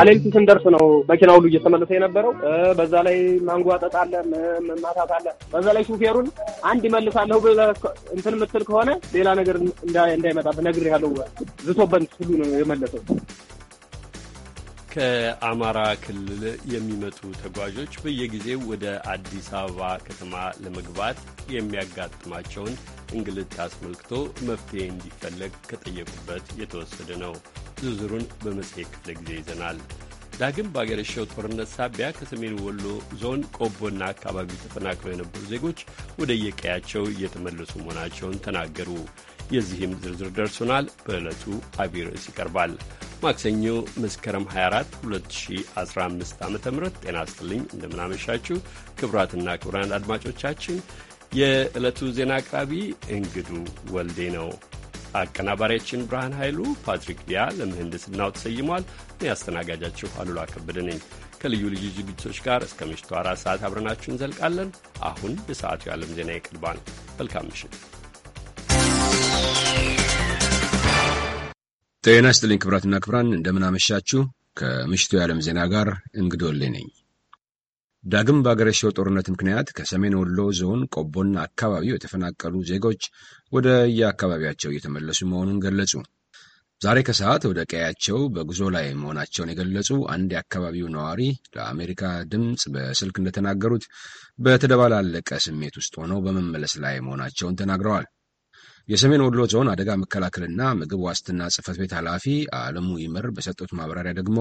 አሌሊቱ ስንደርስ ነው መኪና ሁሉ እየተመለሰ የነበረው። በዛ ላይ ማንጓጠጥ አለ፣ መማታት አለ። በዛ ላይ ሹፌሩን አንድ ይመልሳለሁ ብለህ እንትን የምትል ከሆነ ሌላ ነገር እንዳይመጣብህ ያለው ዝቶበን ሁሉ ነው የመለሰው። ከአማራ ክልል የሚመጡ ተጓዦች በየጊዜው ወደ አዲስ አበባ ከተማ ለመግባት የሚያጋጥማቸውን እንግልት አስመልክቶ መፍትሄ እንዲፈለግ ከጠየቁበት የተወሰደ ነው። ዝርዝሩን በመጽሔት ክፍለ ጊዜ ይዘናል። ዳግም ባገረሸው ጦርነት ሳቢያ ከሰሜን ወሎ ዞን ቆቦና አካባቢው ተፈናቅለው የነበሩ ዜጎች ወደ የቀያቸው እየተመለሱ መሆናቸውን ተናገሩ። የዚህም ዝርዝር ደርሶናል። በዕለቱ አቢይ ርዕስ ይቀርባል። ማክሰኞ መስከረም 24 2015 ዓ ም ጤና ስትልኝ እንደምናመሻችሁ ክቡራትና ክቡራን አድማጮቻችን የዕለቱ ዜና አቅራቢ እንግዱ ወልዴ ነው። አቀናባሪያችን ብርሃን ኃይሉ፣ ፓትሪክ ዲያ ለምህንድስናው ተሰይሟል። እኔ አስተናጋጃችሁ አሉላ ከበደ ነኝ። ከልዩ ልዩ ዝግጅቶች ጋር እስከ ምሽቱ አራት ሰዓት አብረናችሁ እንዘልቃለን። አሁን የሰዓቱ የዓለም ዜና ይቀርባል። መልካም ምሽት። ጤና ይስጥልኝ ክብራትና ክብራን፣ እንደምናመሻችሁ። ከምሽቱ የዓለም ዜና ጋር እንግዶልኝ ነኝ። ዳግም በአገረሸው ጦርነት ምክንያት ከሰሜን ወሎ ዞን ቆቦና አካባቢው የተፈናቀሉ ዜጎች ወደ የአካባቢያቸው እየተመለሱ መሆኑን ገለጹ። ዛሬ ከሰዓት ወደ ቀያቸው በጉዞ ላይ መሆናቸውን የገለጹ አንድ የአካባቢው ነዋሪ ለአሜሪካ ድምፅ በስልክ እንደተናገሩት በተደባላለቀ ስሜት ውስጥ ሆነው በመመለስ ላይ መሆናቸውን ተናግረዋል። የሰሜን ወሎ ዞን አደጋ መከላከልና ምግብ ዋስትና ጽህፈት ቤት ኃላፊ አለሙ ይመር በሰጡት ማብራሪያ ደግሞ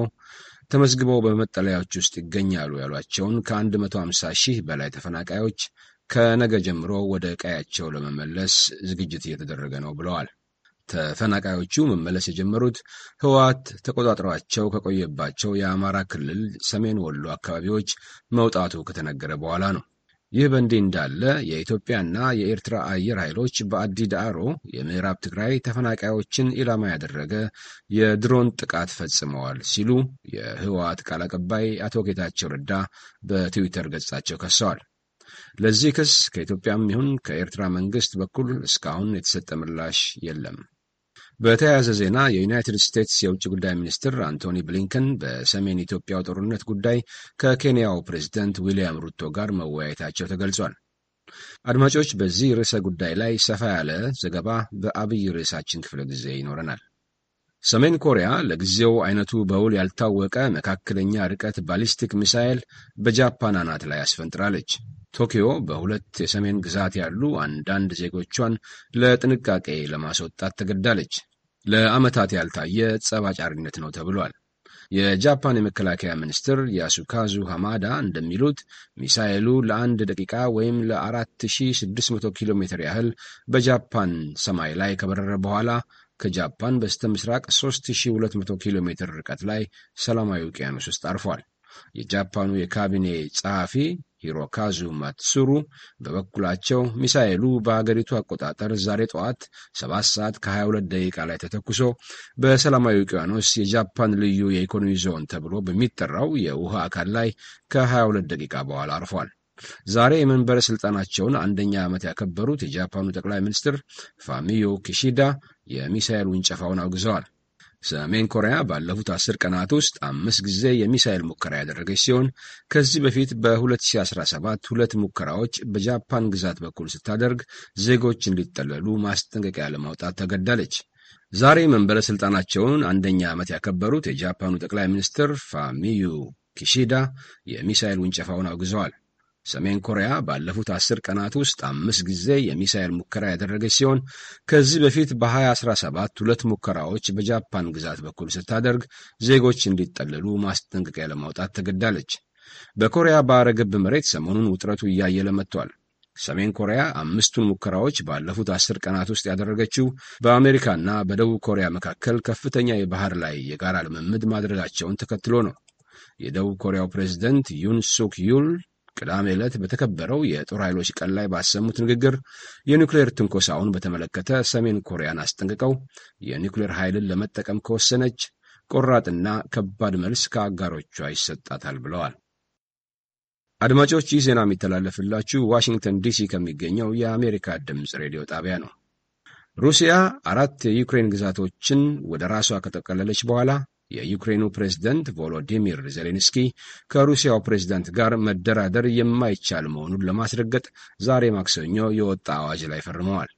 ተመዝግበው በመጠለያዎች ውስጥ ይገኛሉ ያሏቸውን ከ150 ሺህ በላይ ተፈናቃዮች ከነገ ጀምሮ ወደ ቀያቸው ለመመለስ ዝግጅት እየተደረገ ነው ብለዋል። ተፈናቃዮቹ መመለስ የጀመሩት ህወሓት ተቆጣጥሯቸው ከቆየባቸው የአማራ ክልል ሰሜን ወሎ አካባቢዎች መውጣቱ ከተነገረ በኋላ ነው። ይህ በእንዲህ እንዳለ የኢትዮጵያና የኤርትራ አየር ኃይሎች በአዲ ዳዕሮ የምዕራብ ትግራይ ተፈናቃዮችን ኢላማ ያደረገ የድሮን ጥቃት ፈጽመዋል ሲሉ የህወሓት ቃል አቀባይ አቶ ጌታቸው ረዳ በትዊተር ገጻቸው ከሰዋል። ለዚህ ክስ ከኢትዮጵያም ይሁን ከኤርትራ መንግስት በኩል እስካሁን የተሰጠ ምላሽ የለም። በተያያዘ ዜና የዩናይትድ ስቴትስ የውጭ ጉዳይ ሚኒስትር አንቶኒ ብሊንከን በሰሜን ኢትዮጵያው ጦርነት ጉዳይ ከኬንያው ፕሬዝደንት ዊልያም ሩቶ ጋር መወያየታቸው ተገልጿል። አድማጮች፣ በዚህ ርዕሰ ጉዳይ ላይ ሰፋ ያለ ዘገባ በአብይ ርዕሳችን ክፍለ ጊዜ ይኖረናል። ሰሜን ኮሪያ ለጊዜው አይነቱ በውል ያልታወቀ መካከለኛ ርቀት ባሊስቲክ ሚሳይል በጃፓን አናት ላይ አስፈንጥራለች። ቶኪዮ በሁለት የሰሜን ግዛት ያሉ አንዳንድ ዜጎቿን ለጥንቃቄ ለማስወጣት ተገድዳለች። ለዓመታት ያልታየ ጸባጫሪነት ነው ተብሏል። የጃፓን የመከላከያ ሚኒስትር ያሱካዙ ሐማዳ እንደሚሉት ሚሳኤሉ ለአንድ ደቂቃ ወይም ለ4600 ኪሎ ሜትር ያህል በጃፓን ሰማይ ላይ ከበረረ በኋላ ከጃፓን በስተ ምስራቅ 3200 ኪሎ ሜትር ርቀት ላይ ሰላማዊ ውቅያኖስ ውስጥ አርፏል። የጃፓኑ የካቢኔ ጸሐፊ ሂሮካዙ ማትሱሩ በበኩላቸው ሚሳኤሉ በአገሪቱ አቆጣጠር ዛሬ ጠዋት 7 ሰዓት ከ22 ደቂቃ ላይ ተተኩሶ በሰላማዊ ውቅያኖስ የጃፓን ልዩ የኢኮኖሚ ዞን ተብሎ በሚጠራው የውሃ አካል ላይ ከ22 ደቂቃ በኋላ አርፏል። ዛሬ የመንበረ ሥልጣናቸውን አንደኛ ዓመት ያከበሩት የጃፓኑ ጠቅላይ ሚኒስትር ፋሚዮ ኪሺዳ የሚሳኤሉን ጨፋውን አውግዘዋል። ሰሜን ኮሪያ ባለፉት አስር ቀናት ውስጥ አምስት ጊዜ የሚሳይል ሙከራ ያደረገች ሲሆን ከዚህ በፊት በ2017 ሁለት ሙከራዎች በጃፓን ግዛት በኩል ስታደርግ ዜጎች እንዲጠለሉ ማስጠንቀቂያ ለማውጣት ተገዳለች። ዛሬ መንበረ ሥልጣናቸውን አንደኛ ዓመት ያከበሩት የጃፓኑ ጠቅላይ ሚኒስትር ፋሚዩ ኪሺዳ የሚሳይል ውንጨፋውን አውግዘዋል። ሰሜን ኮሪያ ባለፉት አስር ቀናት ውስጥ አምስት ጊዜ የሚሳኤል ሙከራ ያደረገች ሲሆን ከዚህ በፊት በ2017 ሁለት ሙከራዎች በጃፓን ግዛት በኩል ስታደርግ ዜጎች እንዲጠለሉ ማስጠንቀቂያ ለማውጣት ተገዳለች። በኮሪያ ባሕረ ገብ መሬት ሰሞኑን ውጥረቱ እያየለ መጥቷል። ሰሜን ኮሪያ አምስቱን ሙከራዎች ባለፉት አስር ቀናት ውስጥ ያደረገችው በአሜሪካና በደቡብ ኮሪያ መካከል ከፍተኛ የባህር ላይ የጋራ ልምምድ ማድረጋቸውን ተከትሎ ነው። የደቡብ ኮሪያው ፕሬዚደንት ዩን ሱክ ዩል ቅዳሜ ዕለት በተከበረው የጦር ኃይሎች ቀን ላይ ባሰሙት ንግግር የኒውክሌር ትንኮሳውን በተመለከተ ሰሜን ኮሪያን አስጠንቅቀው የኒውክሌር ኃይልን ለመጠቀም ከወሰነች ቆራጥና ከባድ መልስ ከአጋሮቿ ይሰጣታል ብለዋል። አድማጮች ይህ ዜና የሚተላለፍላችሁ ዋሽንግተን ዲሲ ከሚገኘው የአሜሪካ ድምፅ ሬዲዮ ጣቢያ ነው። ሩሲያ አራት የዩክሬን ግዛቶችን ወደ ራሷ ከጠቀለለች በኋላ የዩክሬኑ ፕሬዝደንት ቮሎዲሚር ዜሌንስኪ ከሩሲያው ፕሬዝደንት ጋር መደራደር የማይቻል መሆኑን ለማስረገጥ ዛሬ ማክሰኞ የወጣ አዋጅ ላይ ፈርመዋል።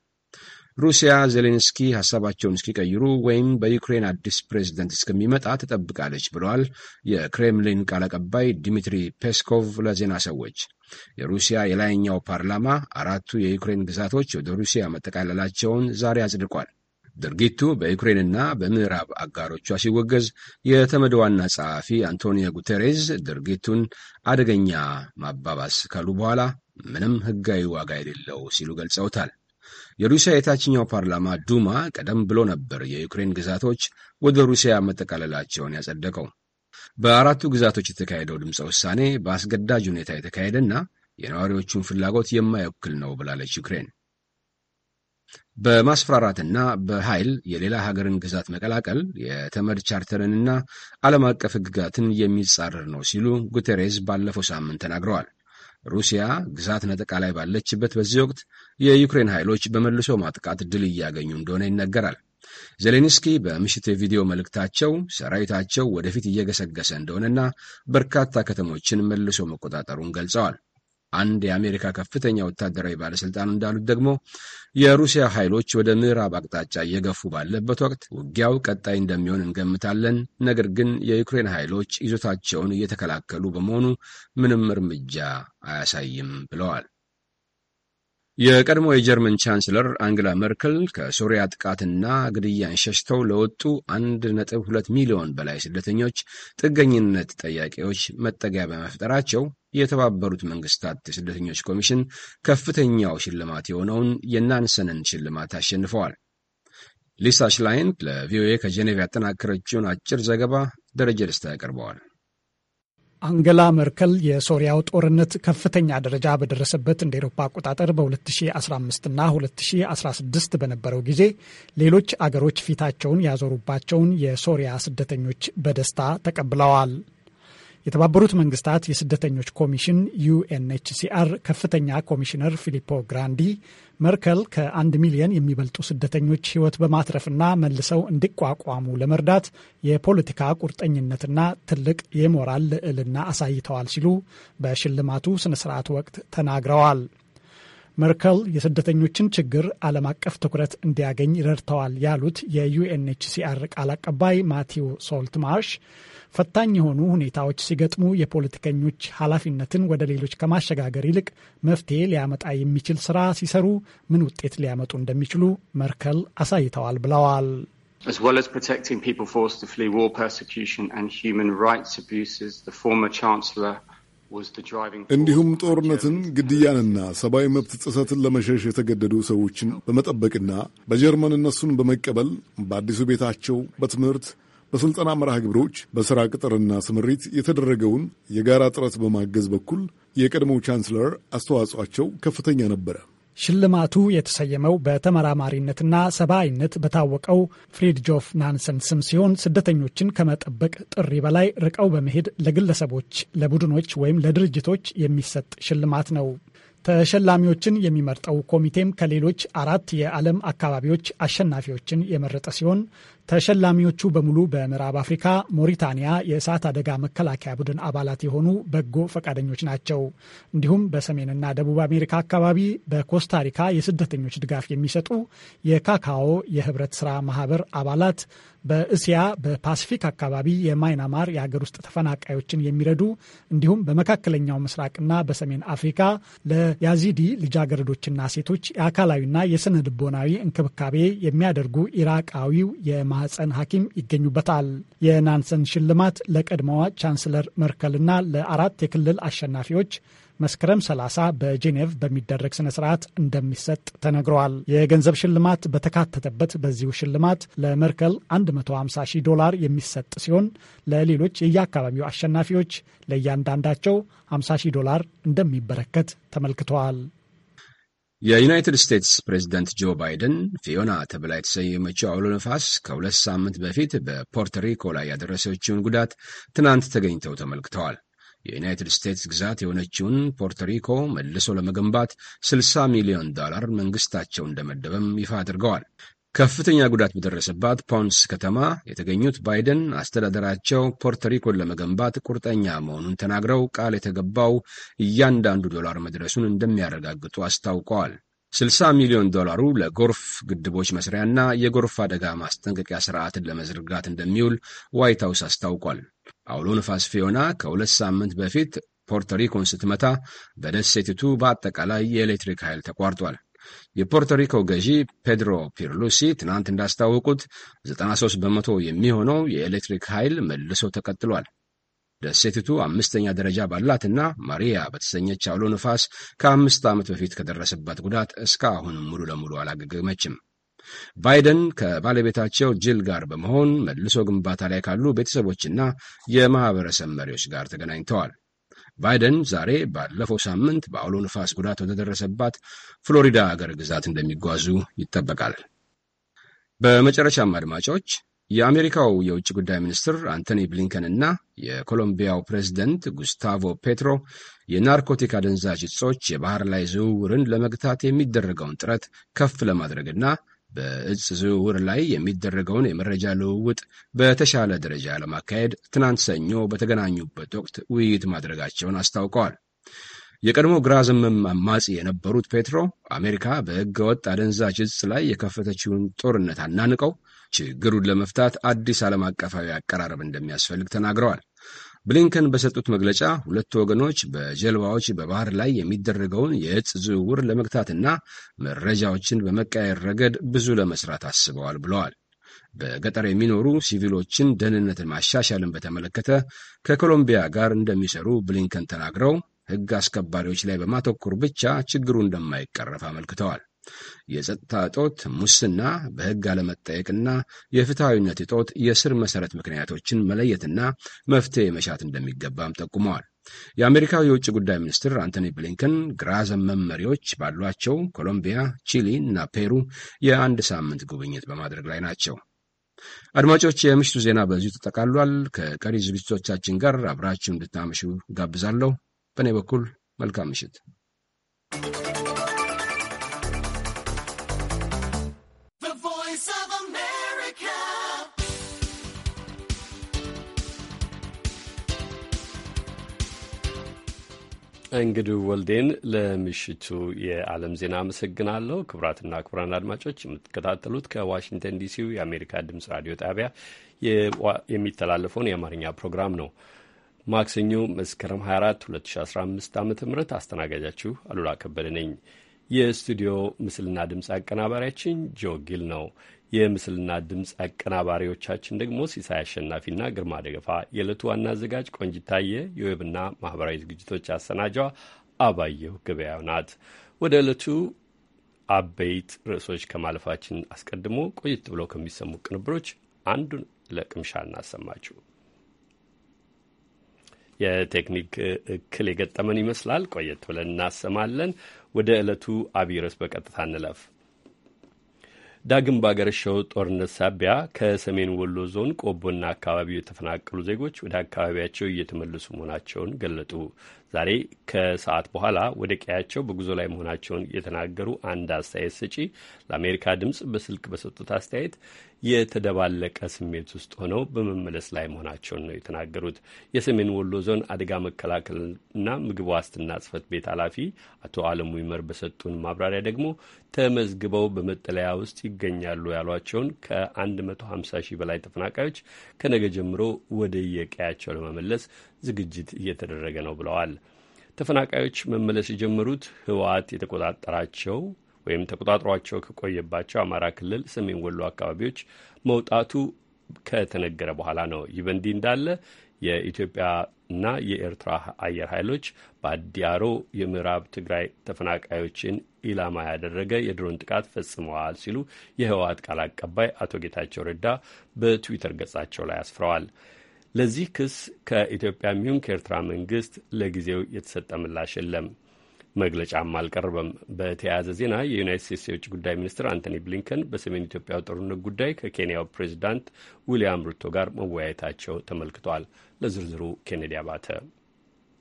ሩሲያ ዜሌንስኪ ሀሳባቸውን እስኪቀይሩ ወይም በዩክሬን አዲስ ፕሬዝደንት እስከሚመጣ ትጠብቃለች ብለዋል የክሬምሊን ቃል አቀባይ ዲሚትሪ ፔስኮቭ ለዜና ሰዎች። የሩሲያ የላይኛው ፓርላማ አራቱ የዩክሬን ግዛቶች ወደ ሩሲያ መጠቃለላቸውን ዛሬ አጽድቋል። ድርጊቱ በዩክሬንና በምዕራብ አጋሮቿ ሲወገዝ የተመድ ዋና ጸሐፊ አንቶኒዮ ጉቴሬዝ ድርጊቱን አደገኛ ማባባስ ካሉ በኋላ ምንም ሕጋዊ ዋጋ የሌለው ሲሉ ገልጸውታል። የሩሲያ የታችኛው ፓርላማ ዱማ ቀደም ብሎ ነበር የዩክሬን ግዛቶች ወደ ሩሲያ መጠቃለላቸውን ያጸደቀው። በአራቱ ግዛቶች የተካሄደው ድምፀ ውሳኔ በአስገዳጅ ሁኔታ የተካሄደና የነዋሪዎቹን ፍላጎት የማይወክል ነው ብላለች ዩክሬን። በማስፈራራትና በኃይል የሌላ ሀገርን ግዛት መቀላቀል የተመድ ቻርተርንና ዓለም አቀፍ ሕግጋትን የሚጻረር ነው ሲሉ ጉተሬዝ ባለፈው ሳምንት ተናግረዋል። ሩሲያ ግዛት ነጠቃ ላይ ባለችበት በዚህ ወቅት የዩክሬን ኃይሎች በመልሶ ማጥቃት ድል እያገኙ እንደሆነ ይነገራል። ዜሌንስኪ በምሽት የቪዲዮ መልእክታቸው ሰራዊታቸው ወደፊት እየገሰገሰ እንደሆነና በርካታ ከተሞችን መልሶ መቆጣጠሩን ገልጸዋል። አንድ የአሜሪካ ከፍተኛ ወታደራዊ ባለስልጣን እንዳሉት ደግሞ የሩሲያ ኃይሎች ወደ ምዕራብ አቅጣጫ እየገፉ ባለበት ወቅት ውጊያው ቀጣይ እንደሚሆን እንገምታለን። ነገር ግን የዩክሬን ኃይሎች ይዞታቸውን እየተከላከሉ በመሆኑ ምንም እርምጃ አያሳይም ብለዋል። የቀድሞ የጀርመን ቻንስለር አንግላ መርከል ከሶሪያ ጥቃትና ግድያን ሸሽተው ለወጡ 1.2 ሚሊዮን በላይ ስደተኞች ጥገኝነት ጠያቂዎች መጠጊያ በመፍጠራቸው የተባበሩት መንግስታት የስደተኞች ኮሚሽን ከፍተኛው ሽልማት የሆነውን የናንሰንን ሽልማት አሸንፈዋል። ሊሳ ሽላይን ለቪኦኤ ከጄኔቭ ያጠናከረችውን አጭር ዘገባ ደረጀ ደስታ ያቀርበዋል። አንገላ መርከል የሶሪያው ጦርነት ከፍተኛ ደረጃ በደረሰበት እንደ ኤሮፓ አቆጣጠር በ2015 እና 2016 በነበረው ጊዜ ሌሎች አገሮች ፊታቸውን ያዞሩባቸውን የሶሪያ ስደተኞች በደስታ ተቀብለዋል። የተባበሩት መንግስታት የስደተኞች ኮሚሽን ዩኤንኤችሲአር ከፍተኛ ኮሚሽነር ፊሊፖ ግራንዲ መርከል ከአንድ ሚሊየን የሚበልጡ ስደተኞች ህይወት በማትረፍና መልሰው እንዲቋቋሙ ለመርዳት የፖለቲካ ቁርጠኝነትና ትልቅ የሞራል ልዕልና አሳይተዋል ሲሉ በሽልማቱ ስርዓት ወቅት ተናግረዋል። መርከል የስደተኞችን ችግር ዓለም አቀፍ ትኩረት እንዲያገኝ ረድተዋል ያሉት የዩኤንኤችሲአር ቃል አቀባይ ማቲው ሶልትማሽ። ፈታኝ የሆኑ ሁኔታዎች ሲገጥሙ የፖለቲከኞች ኃላፊነትን ወደ ሌሎች ከማሸጋገር ይልቅ መፍትሄ ሊያመጣ የሚችል ስራ ሲሰሩ ምን ውጤት ሊያመጡ እንደሚችሉ መርከል አሳይተዋል ብለዋል። As well as protecting people forced to flee war persecution and human rights abuses, the former chancellor እንዲሁም ጦርነትን ግድያንና ሰብአዊ መብት ጥሰትን ለመሸሽ የተገደዱ ሰዎችን በመጠበቅና በጀርመን እነሱን በመቀበል በአዲሱ ቤታቸው በትምህርት በሥልጠና መርሃ ግብሮች፣ በሥራ ቅጥርና ስምሪት የተደረገውን የጋራ ጥረት በማገዝ በኩል የቀድሞው ቻንስለር አስተዋጽኦቸው ከፍተኛ ነበረ። ሽልማቱ የተሰየመው በተመራማሪነትና ሰብአዊነት በታወቀው ፍሪድጆፍ ናንሰን ስም ሲሆን ስደተኞችን ከመጠበቅ ጥሪ በላይ ርቀው በመሄድ ለግለሰቦች፣ ለቡድኖች ወይም ለድርጅቶች የሚሰጥ ሽልማት ነው። ተሸላሚዎችን የሚመርጠው ኮሚቴም ከሌሎች አራት የዓለም አካባቢዎች አሸናፊዎችን የመረጠ ሲሆን ተሸላሚዎቹ በሙሉ በምዕራብ አፍሪካ ሞሪታንያ የእሳት አደጋ መከላከያ ቡድን አባላት የሆኑ በጎ ፈቃደኞች ናቸው። እንዲሁም በሰሜንና ደቡብ አሜሪካ አካባቢ በኮስታሪካ የስደተኞች ድጋፍ የሚሰጡ የካካኦ የህብረት ስራ ማህበር አባላት፣ በእስያ በፓሲፊክ አካባቢ የማይናማር የሀገር ውስጥ ተፈናቃዮችን የሚረዱ እንዲሁም በመካከለኛው ምስራቅና በሰሜን አፍሪካ ለያዚዲ ልጃገረዶችና ሴቶች የአካላዊና የስነ ልቦናዊ እንክብካቤ የሚያደርጉ ኢራቃዊው የማ የማህፀን ሐኪም ይገኙበታል። የናንሰን ሽልማት ለቀድሞዋ ቻንስለር መርከልና ለአራት የክልል አሸናፊዎች መስከረም 30 በጄኔቭ በሚደረግ ስነ ስርዓት እንደሚሰጥ ተነግረዋል። የገንዘብ ሽልማት በተካተተበት በዚሁ ሽልማት ለመርከል 150 ሺህ ዶላር የሚሰጥ ሲሆን ለሌሎች የየአካባቢው አሸናፊዎች ለእያንዳንዳቸው 50 ሺህ ዶላር እንደሚበረከት ተመልክተዋል። የዩናይትድ ስቴትስ ፕሬዚደንት ጆ ባይደን ፊዮና ተብላ የተሰየመችው አውሎ ነፋስ ከሁለት ሳምንት በፊት በፖርቶሪኮ ላይ ያደረሰችውን ጉዳት ትናንት ተገኝተው ተመልክተዋል። የዩናይትድ ስቴትስ ግዛት የሆነችውን ፖርቶሪኮ መልሶ ለመገንባት 60 ሚሊዮን ዶላር መንግስታቸው እንደመደበም ይፋ አድርገዋል። ከፍተኛ ጉዳት በደረሰባት ፖንስ ከተማ የተገኙት ባይደን አስተዳደራቸው ፖርቶሪኮን ለመገንባት ቁርጠኛ መሆኑን ተናግረው ቃል የተገባው እያንዳንዱ ዶላር መድረሱን እንደሚያረጋግጡ አስታውቀዋል። 60 ሚሊዮን ዶላሩ ለጎርፍ ግድቦች መስሪያና የጎርፍ አደጋ ማስጠንቀቂያ ስርዓትን ለመዘርጋት እንደሚውል ዋይት ሀውስ አስታውቋል። አውሎ ንፋስ ፊዮና ከሁለት ሳምንት በፊት ፖርቶሪኮን ስትመታ በደሴቲቱ በአጠቃላይ የኤሌክትሪክ ኃይል ተቋርጧል። የፖርቶ ሪኮ ገዢ ፔድሮ ፒርሉሲ ትናንት እንዳስታወቁት 93 በመቶ የሚሆነው የኤሌክትሪክ ኃይል መልሶ ተቀጥሏል። ደሴቲቱ አምስተኛ ደረጃ ባላትና ማሪያ በተሰኘች አውሎ ነፋስ ከአምስት ዓመት በፊት ከደረሰባት ጉዳት እስካሁን ሙሉ ለሙሉ አላገገመችም። ባይደን ከባለቤታቸው ጅል ጋር በመሆን መልሶ ግንባታ ላይ ካሉ ቤተሰቦችና የማህበረሰብ መሪዎች ጋር ተገናኝተዋል። ባይደን ዛሬ ባለፈው ሳምንት በአውሎ ንፋስ ጉዳት ወደደረሰባት ፍሎሪዳ አገር ግዛት እንደሚጓዙ ይጠበቃል። በመጨረሻም አድማጮች የአሜሪካው የውጭ ጉዳይ ሚኒስትር አንቶኒ ብሊንከን እና የኮሎምቢያው ፕሬዚደንት ጉስታቮ ፔትሮ የናርኮቲክ አደንዛዥ እጾች የባህር ላይ ዝውውርን ለመግታት የሚደረገውን ጥረት ከፍ ለማድረግና በእጽ ዝውውር ላይ የሚደረገውን የመረጃ ልውውጥ በተሻለ ደረጃ ለማካሄድ ትናንት ሰኞ በተገናኙበት ወቅት ውይይት ማድረጋቸውን አስታውቀዋል። የቀድሞ ግራ ዘመም አማጺ የነበሩት ፔትሮ አሜሪካ በሕገወጥ አደንዛዥ እጽ ላይ የከፈተችውን ጦርነት አናንቀው ችግሩን ለመፍታት አዲስ ዓለም አቀፋዊ አቀራረብ እንደሚያስፈልግ ተናግረዋል። ብሊንከን በሰጡት መግለጫ ሁለቱ ወገኖች በጀልባዎች በባህር ላይ የሚደረገውን የእጽ ዝውውር ለመግታትና መረጃዎችን በመቀያየር ረገድ ብዙ ለመስራት አስበዋል ብለዋል። በገጠር የሚኖሩ ሲቪሎችን ደህንነትን ማሻሻልን በተመለከተ ከኮሎምቢያ ጋር እንደሚሰሩ ብሊንከን ተናግረው ሕግ አስከባሪዎች ላይ በማተኮር ብቻ ችግሩ እንደማይቀረፍ አመልክተዋል። የጸጥታ እጦት፣ ሙስና፣ በሕግ አለመጠየቅና የፍትሐዊነት እጦት የስር መሠረት ምክንያቶችን መለየትና መፍትሄ መሻት እንደሚገባም ጠቁመዋል። የአሜሪካው የውጭ ጉዳይ ሚኒስትር አንቶኒ ብሊንከን ግራ ዘመም መሪዎች ባሏቸው ኮሎምቢያ፣ ቺሊ እና ፔሩ የአንድ ሳምንት ጉብኝት በማድረግ ላይ ናቸው። አድማጮች፣ የምሽቱ ዜና በዚሁ ተጠቃሏል። ከቀሪ ዝግጅቶቻችን ጋር አብራችሁ እንድታመሹ ጋብዛለሁ። በእኔ በኩል መልካም ምሽት። እንግዱ ወልዴን ለምሽቱ የዓለም ዜና አመሰግናለሁ። ክቡራትና ክቡራን አድማጮች የምትከታተሉት ከዋሽንግተን ዲሲው የአሜሪካ ድምፅ ራዲዮ ጣቢያ የሚተላለፈውን የአማርኛ ፕሮግራም ነው። ማክሰኞ መስከረም 24 2015 ዓ ም አስተናጋጃችሁ አሉላ ከበደ ነኝ። የስቱዲዮ ምስልና ድምፅ አቀናባሪያችን ጆ ጊል ነው። የምስልና ድምፅ አቀናባሪዎቻችን ደግሞ ሲሳይ አሸናፊና ግርማ ደገፋ፣ የዕለቱ ዋና አዘጋጅ ቆንጅታየ፣ የዌብና ማህበራዊ ዝግጅቶች አሰናጇ አባየሁ ገበያው ናት። ወደ ዕለቱ አበይት ርዕሶች ከማለፋችን አስቀድሞ ቆየት ብለው ከሚሰሙ ቅንብሮች አንዱን ለቅምሻ እናሰማችሁ። የቴክኒክ እክል የገጠመን ይመስላል። ቆየት ብለን እናሰማለን። ወደ ዕለቱ አብይ ርዕስ በቀጥታ እንለፍ። ዳግም ባገረሸው ጦርነት ሳቢያ ከሰሜን ወሎ ዞን ቆቦና አካባቢው የተፈናቀሉ ዜጎች ወደ አካባቢያቸው እየተመለሱ መሆናቸውን ገለጡ። ዛሬ ከሰዓት በኋላ ወደ ቀያቸው በጉዞ ላይ መሆናቸውን የተናገሩ አንድ አስተያየት ሰጪ ለአሜሪካ ድምፅ በስልክ በሰጡት አስተያየት የተደባለቀ ስሜት ውስጥ ሆነው በመመለስ ላይ መሆናቸውን ነው የተናገሩት። የሰሜን ወሎ ዞን አደጋ መከላከልና ምግብ ዋስትና ጽህፈት ቤት ኃላፊ አቶ አለሙ ይመር በሰጡን ማብራሪያ ደግሞ ተመዝግበው በመጠለያ ውስጥ ይገኛሉ ያሏቸውን ከ150 ሺህ በላይ ተፈናቃዮች ከነገ ጀምሮ ወደ የቀያቸው ለመመለስ ዝግጅት እየተደረገ ነው ብለዋል። ተፈናቃዮች መመለስ የጀመሩት ህወሓት የተቆጣጠራቸው ወይም ተቆጣጥሯቸው ከቆየባቸው አማራ ክልል ሰሜን ወሎ አካባቢዎች መውጣቱ ከተነገረ በኋላ ነው። ይህ በእንዲህ እንዳለ የኢትዮጵያና የኤርትራ አየር ኃይሎች በአዲያሮ የምዕራብ ትግራይ ተፈናቃዮችን ኢላማ ያደረገ የድሮን ጥቃት ፈጽመዋል ሲሉ የህወሓት ቃል አቀባይ አቶ ጌታቸው ረዳ በትዊተር ገጻቸው ላይ አስፍረዋል። ለዚህ ክስ ከኢትዮጵያም ይሁን ከኤርትራ መንግስት ለጊዜው የተሰጠ ምላሽ የለም። መግለጫም አልቀረበም። በተያያዘ ዜና የዩናይት ስቴትስ የውጭ ጉዳይ ሚኒስትር አንቶኒ ብሊንከን በሰሜን ኢትዮጵያ ጦርነት ጉዳይ ከኬንያው ፕሬዚዳንት ዊልያም ሩቶ ጋር መወያየታቸው ተመልክቷል። ለዝርዝሩ ኬኔዲ አባተ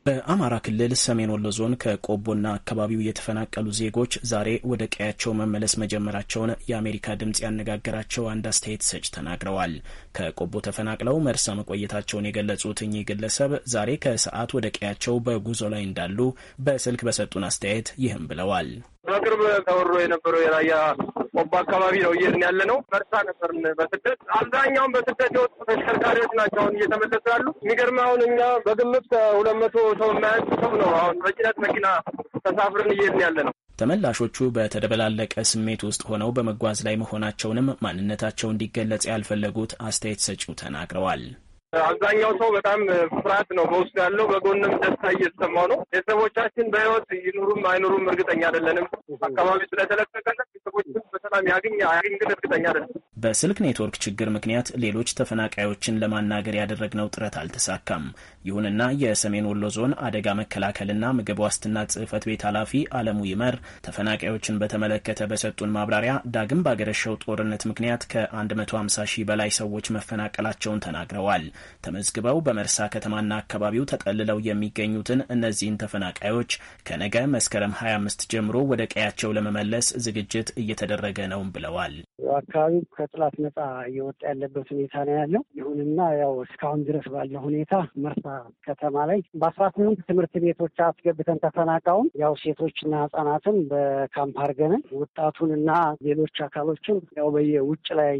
በአማራ ክልል ሰሜን ወሎ ዞን ከቆቦና አካባቢው የተፈናቀሉ ዜጎች ዛሬ ወደ ቀያቸው መመለስ መጀመራቸውን የአሜሪካ ድምፅ ያነጋገራቸው አንድ አስተያየት ሰጭ ተናግረዋል። ከቆቦ ተፈናቅለው መርሳ መቆየታቸውን የገለጹት እኚህ ግለሰብ ዛሬ ከሰዓት ወደ ቀያቸው በጉዞ ላይ እንዳሉ በስልክ በሰጡን አስተያየት ይህም ብለዋል። በቅርብ ተወሮ የነበረው የራያ ቆቦ አካባቢ ነው እየሄድን ያለ ነው። መርሳ ነበርን በስደት አብዛኛውን በስደት የወጡ ተሽከርካሪዎች ናቸው አሁን እየተመለሱ ያሉ። የሚገርም አሁን እኛ በግምት ከሁለት መቶ ሰው የማያንስ ሰው ነው አሁን በጭነት መኪና ተሳፍርን እየሄድን ያለ ነው። ተመላሾቹ በተደበላለቀ ስሜት ውስጥ ሆነው በመጓዝ ላይ መሆናቸውንም ማንነታቸው እንዲገለጽ ያልፈለጉት አስተያየት ሰጪው ተናግረዋል። አብዛኛው ሰው በጣም ፍርሃት ነው በውስጡ ያለው፣ በጎንም ደስታ እየተሰማው ነው። ቤተሰቦቻችን በህይወት ይኑሩም አይኑሩም እርግጠኛ አይደለንም። አካባቢ ስለተለቀቀ ቤተሰቦችን በሰላም ያግኝ አያግኝ ግን እርግጠኛ አይደለም። በስልክ ኔትወርክ ችግር ምክንያት ሌሎች ተፈናቃዮችን ለማናገር ያደረግነው ጥረት አልተሳካም። ይሁንና የሰሜን ወሎ ዞን አደጋ መከላከልና ምግብ ዋስትና ጽህፈት ቤት ኃላፊ አለሙ ይመር ተፈናቃዮችን በተመለከተ በሰጡን ማብራሪያ ዳግም ባገረሸው ጦርነት ምክንያት ከ150 ሺህ በላይ ሰዎች መፈናቀላቸውን ተናግረዋል። ተመዝግበው በመርሳ ከተማና አካባቢው ተጠልለው የሚገኙትን እነዚህን ተፈናቃዮች ከነገ መስከረም 25 ጀምሮ ወደ ቀያቸው ለመመለስ ዝግጅት እየተደረገ ነውም ብለዋል። አካባቢው ከጥላት ነጻ እየወጣ ያለበት ሁኔታ ነው ያለው። ይሁንና ያው እስካሁን ድረስ ባለው ሁኔታ መርሳ ከተማ ላይ በአስራ ስምንት ትምህርት ቤቶች አስገብተን ተፈናቃውን ያው ሴቶችና ህጻናትን በካምፕ አድርገን ወጣቱንና ሌሎች አካሎችን ያው በየውጭ ላይ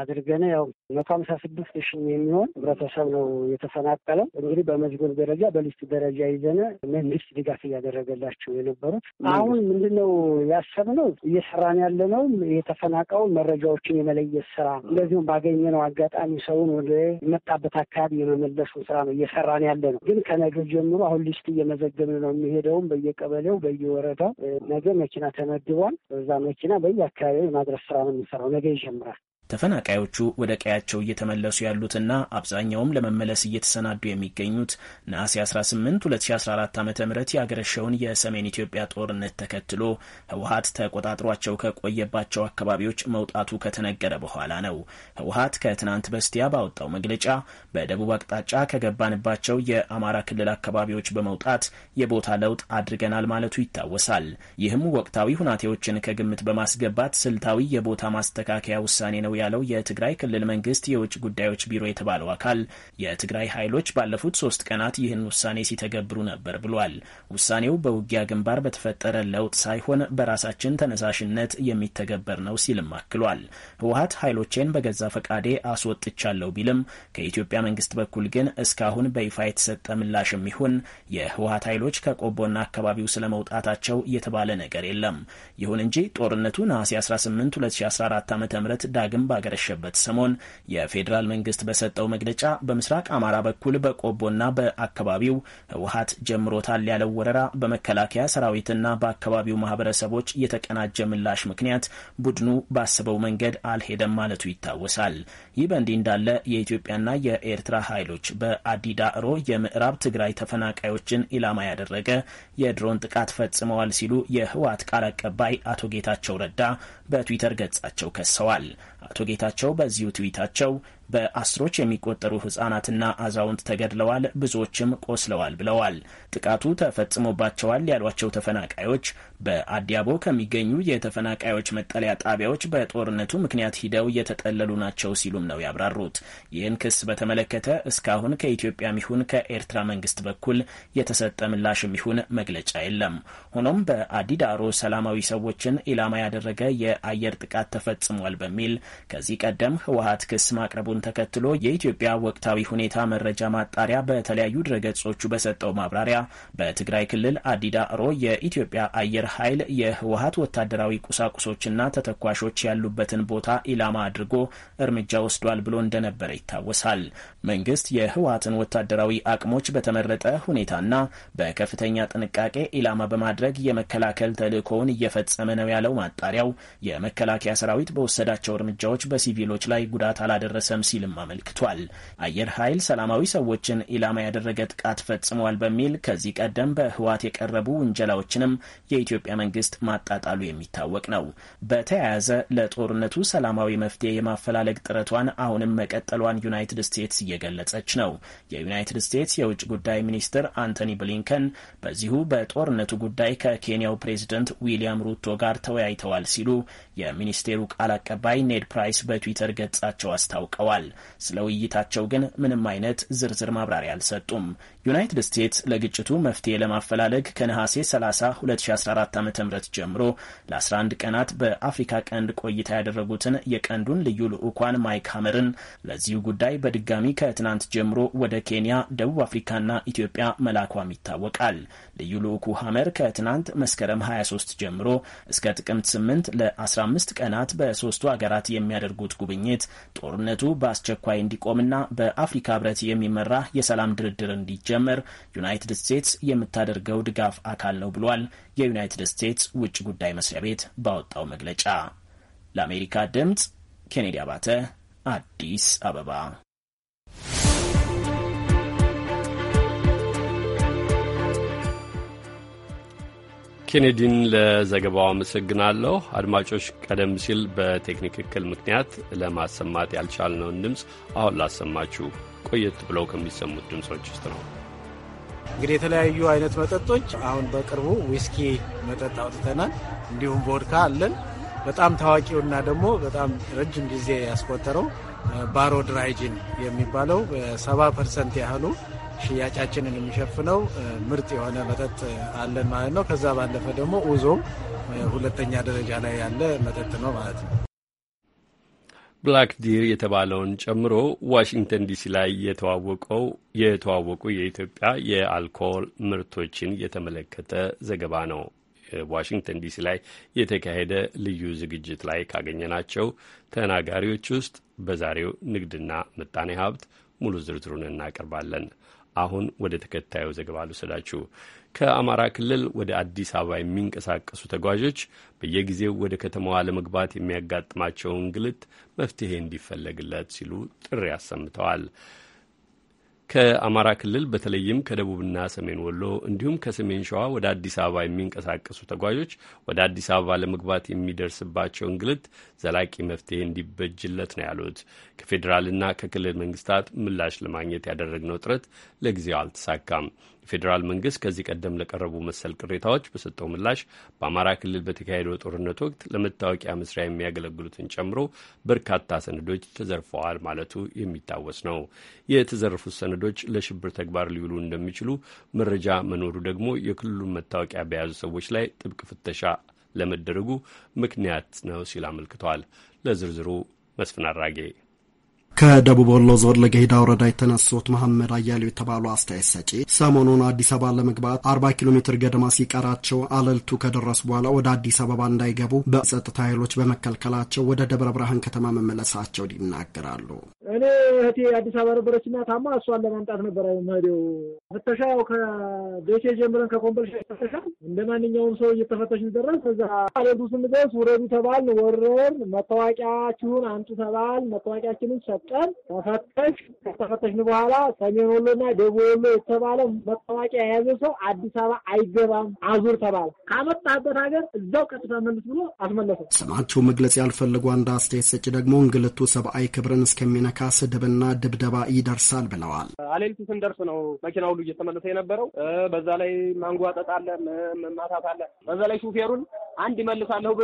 አድርገን ያው መቶ ሀምሳ ስድስት ሺ የሚሆን ህብረተሰብ ነው የተፈናቀለው። እንግዲህ በመዝገብ ደረጃ በሊስት ደረጃ ይዘነ መንግስት ድጋፍ እያደረገላቸው የነበሩት አሁን ምንድን ነው ያሰብነው እየሰራን ያለ ነው የተፈናቀው መረጃዎችን የመለየት ስራ፣ እንደዚሁም ባገኘነው አጋጣሚ ሰውን ወደ መጣበት አካባቢ የመመለሱን ስራ ነው እየሰራን ያለ ነው። ግን ከነገ ጀምሮ አሁን ሊስት እየመዘገብን ነው የሚሄደውም በየቀበሌው በየወረዳው ነገ መኪና ተመድቧል። በዛ መኪና በየአካባቢ ማድረስ ስራ ነው የሚሰራው። ነገ ይጀምራል። ተፈናቃዮቹ ወደ ቀያቸው እየተመለሱ ያሉትና አብዛኛውም ለመመለስ እየተሰናዱ የሚገኙት ነሐሴ 18 2014 ዓ ም ያገረሸውን የሰሜን ኢትዮጵያ ጦርነት ተከትሎ ህወሀት ተቆጣጥሯቸው ከቆየባቸው አካባቢዎች መውጣቱ ከተነገረ በኋላ ነው። ህወሀት ከትናንት በስቲያ ባወጣው መግለጫ በደቡብ አቅጣጫ ከገባንባቸው የአማራ ክልል አካባቢዎች በመውጣት የቦታ ለውጥ አድርገናል ማለቱ ይታወሳል። ይህም ወቅታዊ ሁናቴዎችን ከግምት በማስገባት ስልታዊ የቦታ ማስተካከያ ውሳኔ ነው ያለው የትግራይ ክልል መንግስት የውጭ ጉዳዮች ቢሮ የተባለው አካል የትግራይ ኃይሎች ባለፉት ሶስት ቀናት ይህን ውሳኔ ሲተገብሩ ነበር ብሏል። ውሳኔው በውጊያ ግንባር በተፈጠረ ለውጥ ሳይሆን በራሳችን ተነሳሽነት የሚተገበር ነው ሲልም አክሏል። ህወሀት ኃይሎቼን በገዛ ፈቃዴ አስወጥቻለሁ ቢልም ከኢትዮጵያ መንግስት በኩል ግን እስካሁን በይፋ የተሰጠ ምላሽ የሚሆን የህወሀት ኃይሎች ከቆቦና አካባቢው ስለመውጣታቸው የተባለ ነገር የለም። ይሁን እንጂ ጦርነቱ ነሐሴ 18 2014 ዓ ም ዳግም ባገረሸበት ሰሞን የፌዴራል መንግስት በሰጠው መግለጫ በምስራቅ አማራ በኩል በቆቦና በአካባቢው ህወሀት ጀምሮታል ያለው ወረራ በመከላከያ ሰራዊትና በአካባቢው ማህበረሰቦች የተቀናጀ ምላሽ ምክንያት ቡድኑ ባስበው መንገድ አልሄደም ማለቱ ይታወሳል። ይህ በእንዲህ እንዳለ የኢትዮጵያና የኤርትራ ኃይሎች በአዲዳሮ የምዕራብ ትግራይ ተፈናቃዮችን ኢላማ ያደረገ የድሮን ጥቃት ፈጽመዋል ሲሉ የህወሀት ቃል አቀባይ አቶ ጌታቸው ረዳ በትዊተር ገጻቸው ከሰዋል። አቶ ጌታቸው በዚሁ ትዊታቸው በአስሮች የሚቆጠሩ ህጻናትና አዛውንት ተገድለዋል፣ ብዙዎችም ቆስለዋል ብለዋል። ጥቃቱ ተፈጽሞባቸዋል ያሏቸው ተፈናቃዮች በአዲያቦ ከሚገኙ የተፈናቃዮች መጠለያ ጣቢያዎች በጦርነቱ ምክንያት ሂደው እየተጠለሉ ናቸው ሲሉም ነው ያብራሩት። ይህን ክስ በተመለከተ እስካሁን ከኢትዮጵያም ይሁን ከኤርትራ መንግስት በኩል የተሰጠ ምላሽም ይሁን መግለጫ የለም። ሆኖም በአዲዳሮ ሰላማዊ ሰዎችን ኢላማ ያደረገ የአየር ጥቃት ተፈጽሟል በሚል ከዚህ ቀደም ህወሀት ክስ ማቅረቡን መውጣቱን ተከትሎ የኢትዮጵያ ወቅታዊ ሁኔታ መረጃ ማጣሪያ በተለያዩ ድረገጾቹ በሰጠው ማብራሪያ በትግራይ ክልል አዲዳሮ የኢትዮጵያ አየር ኃይል የህወሀት ወታደራዊ ቁሳቁሶችና ተተኳሾች ያሉበትን ቦታ ኢላማ አድርጎ እርምጃ ወስዷል ብሎ እንደነበረ ይታወሳል። መንግስት የህወሀትን ወታደራዊ አቅሞች በተመረጠ ሁኔታና በከፍተኛ ጥንቃቄ ኢላማ በማድረግ የመከላከል ተልዕኮውን እየፈጸመ ነው ያለው ማጣሪያው የመከላከያ ሰራዊት በወሰዳቸው እርምጃዎች በሲቪሎች ላይ ጉዳት አላደረሰም ሲልም አመልክቷል። አየር ኃይል ሰላማዊ ሰዎችን ኢላማ ያደረገ ጥቃት ፈጽመዋል በሚል ከዚህ ቀደም በህወሓት የቀረቡ ውንጀላዎችንም የኢትዮጵያ መንግስት ማጣጣሉ የሚታወቅ ነው። በተያያዘ ለጦርነቱ ሰላማዊ መፍትሄ የማፈላለግ ጥረቷን አሁንም መቀጠሏን ዩናይትድ ስቴትስ እየገለጸች ነው። የዩናይትድ ስቴትስ የውጭ ጉዳይ ሚኒስትር አንቶኒ ብሊንከን በዚሁ በጦርነቱ ጉዳይ ከኬንያው ፕሬዝደንት ዊሊያም ሩቶ ጋር ተወያይተዋል ሲሉ የሚኒስቴሩ ቃል አቀባይ ኔድ ፕራይስ በትዊተር ገጻቸው አስታውቀዋል። ስለ ውይይታቸው ግን ምንም አይነት ዝርዝር ማብራሪያ አልሰጡም። ዩናይትድ ስቴትስ ለግጭቱ መፍትሄ ለማፈላለግ ከነሐሴ 30 2014 ዓ ም ጀምሮ ለ11 ቀናት በአፍሪካ ቀንድ ቆይታ ያደረጉትን የቀንዱን ልዩ ልዑኳን ማይክ ሀመርን ለዚሁ ጉዳይ በድጋሚ ከትናንት ጀምሮ ወደ ኬንያ፣ ደቡብ አፍሪካና ኢትዮጵያ መላኳም ይታወቃል። ልዩ ልዑኩ ሀመር ከትናንት መስከረም 23 ጀምሮ እስከ ጥቅምት 8 ለ15 አምስት ቀናት በሶስቱ ሀገራት የሚያደርጉት ጉብኝት ጦርነቱ በአስቸኳይ እንዲቆምና በአፍሪካ ህብረት የሚመራ የሰላም ድርድር እንዲጀመር ዩናይትድ ስቴትስ የምታደርገው ድጋፍ አካል ነው ብሏል የዩናይትድ ስቴትስ ውጭ ጉዳይ መስሪያ ቤት ባወጣው መግለጫ። ለአሜሪካ ድምፅ ኬኔዲ አባተ አዲስ አበባ ኬኔዲን ለዘገባው አመሰግናለሁ። አድማጮች፣ ቀደም ሲል በቴክኒክ እክል ምክንያት ለማሰማት ያልቻልነውን ድምፅ አሁን ላሰማችሁ። ቆየት ብለው ከሚሰሙት ድምፆች ውስጥ ነው። እንግዲህ የተለያዩ አይነት መጠጦች አሁን በቅርቡ ዊስኪ መጠጥ አውጥተናል። እንዲሁም ቮድካ አለን። በጣም ታዋቂውና ደግሞ በጣም ረጅም ጊዜ ያስቆጠረው ባሮ ድራይጅን የሚባለው በሰባ ፐርሰንት ያህሉ ሽያጫችንን የሚሸፍነው ምርጥ የሆነ መጠጥ አለን ማለት ነው። ከዛ ባለፈ ደግሞ ኡዞ ሁለተኛ ደረጃ ላይ ያለ መጠጥ ነው ማለት ነው። ብላክ ዲር የተባለውን ጨምሮ ዋሽንግተን ዲሲ ላይ የተዋወቀው የተዋወቁ የኢትዮጵያ የአልኮል ምርቶችን የተመለከተ ዘገባ ነው። ዋሽንግተን ዲሲ ላይ የተካሄደ ልዩ ዝግጅት ላይ ካገኘናቸው ተናጋሪዎች ውስጥ በዛሬው ንግድና ምጣኔ ሀብት ሙሉ ዝርዝሩን እናቀርባለን። አሁን ወደ ተከታዩ ዘገባ ልውሰዳችሁ። ከአማራ ክልል ወደ አዲስ አበባ የሚንቀሳቀሱ ተጓዦች በየጊዜው ወደ ከተማዋ ለመግባት የሚያጋጥማቸውን ግልት መፍትሄ እንዲፈለግለት ሲሉ ጥሪ አሰምተዋል። ከአማራ ክልል በተለይም ከደቡብና ሰሜን ወሎ እንዲሁም ከሰሜን ሸዋ ወደ አዲስ አበባ የሚንቀሳቀሱ ተጓዦች ወደ አዲስ አበባ ለመግባት የሚደርስባቸው እንግልት ዘላቂ መፍትሄ እንዲበጅለት ነው ያሉት። ከፌዴራልና ከክልል መንግስታት ምላሽ ለማግኘት ያደረግነው ጥረት ለጊዜው አልተሳካም። ፌዴራል መንግስት ከዚህ ቀደም ለቀረቡ መሰል ቅሬታዎች በሰጠው ምላሽ በአማራ ክልል በተካሄደው ጦርነት ወቅት ለመታወቂያ መስሪያ የሚያገለግሉትን ጨምሮ በርካታ ሰነዶች ተዘርፈዋል ማለቱ የሚታወስ ነው። የተዘረፉት ሰነዶች ለሽብር ተግባር ሊውሉ እንደሚችሉ መረጃ መኖሩ ደግሞ የክልሉን መታወቂያ በያዙ ሰዎች ላይ ጥብቅ ፍተሻ ለመደረጉ ምክንያት ነው ሲል አመልክቷል። ለዝርዝሩ መስፍን አራጌ ከደቡብ ወሎ ዞን ለገሂዳ ወረዳ የተነሱት መሐመድ አያሌው የተባሉ አስተያየት ሰጪ ሰሞኑን አዲስ አበባ ለመግባት አርባ ኪሎ ሜትር ገደማ ሲቀራቸው አለልቱ ከደረሱ በኋላ ወደ አዲስ አበባ እንዳይገቡ በጸጥታ ኃይሎች በመከልከላቸው ወደ ደብረ ብርሃን ከተማ መመለሳቸውን ይናገራሉ። እኔ እህቴ አዲስ አበባ ነበረችና ታማ እሷን ለማምጣት ነበረ መሪው ፍተሻ ያው ጀምረን ከኮምቦልቻ ፍተሻ እንደ ማንኛውም ሰው እየተፈተሽን ደረስ እዛ አለልቱ ስንደርስ ውረዱ ተባል ወረን መታወቂያችሁን አንጡ ተባል መታወቂያችንን ሰጥ ሲሰጠን ተፈተሽ ከተፈተሽን በኋላ ሰሜን ወሎና ደቡብ ወሎ የተባለ መታወቂያ የያዘ ሰው አዲስ አበባ አይገባም አዙር ተባለ። ካመጣበት ሀገር እዛው ቀጥታ መልስ ብሎ አስመለሰ። ስማቸው መግለጽ ያልፈለጉ አንድ አስተያየት ሰጪ ደግሞ እንግልቱ ሰብአዊ ክብርን እስከሚነካ ስድብና ድብደባ ይደርሳል ብለዋል። አሌሊቱ ስንደርስ ነው መኪና ሁሉ እየተመለሰ የነበረው። በዛ ላይ ማንጓጠጥ አለ፣ መማታት አለ። በዛ ላይ ሹፌሩን አንድ ይመልሳለሁ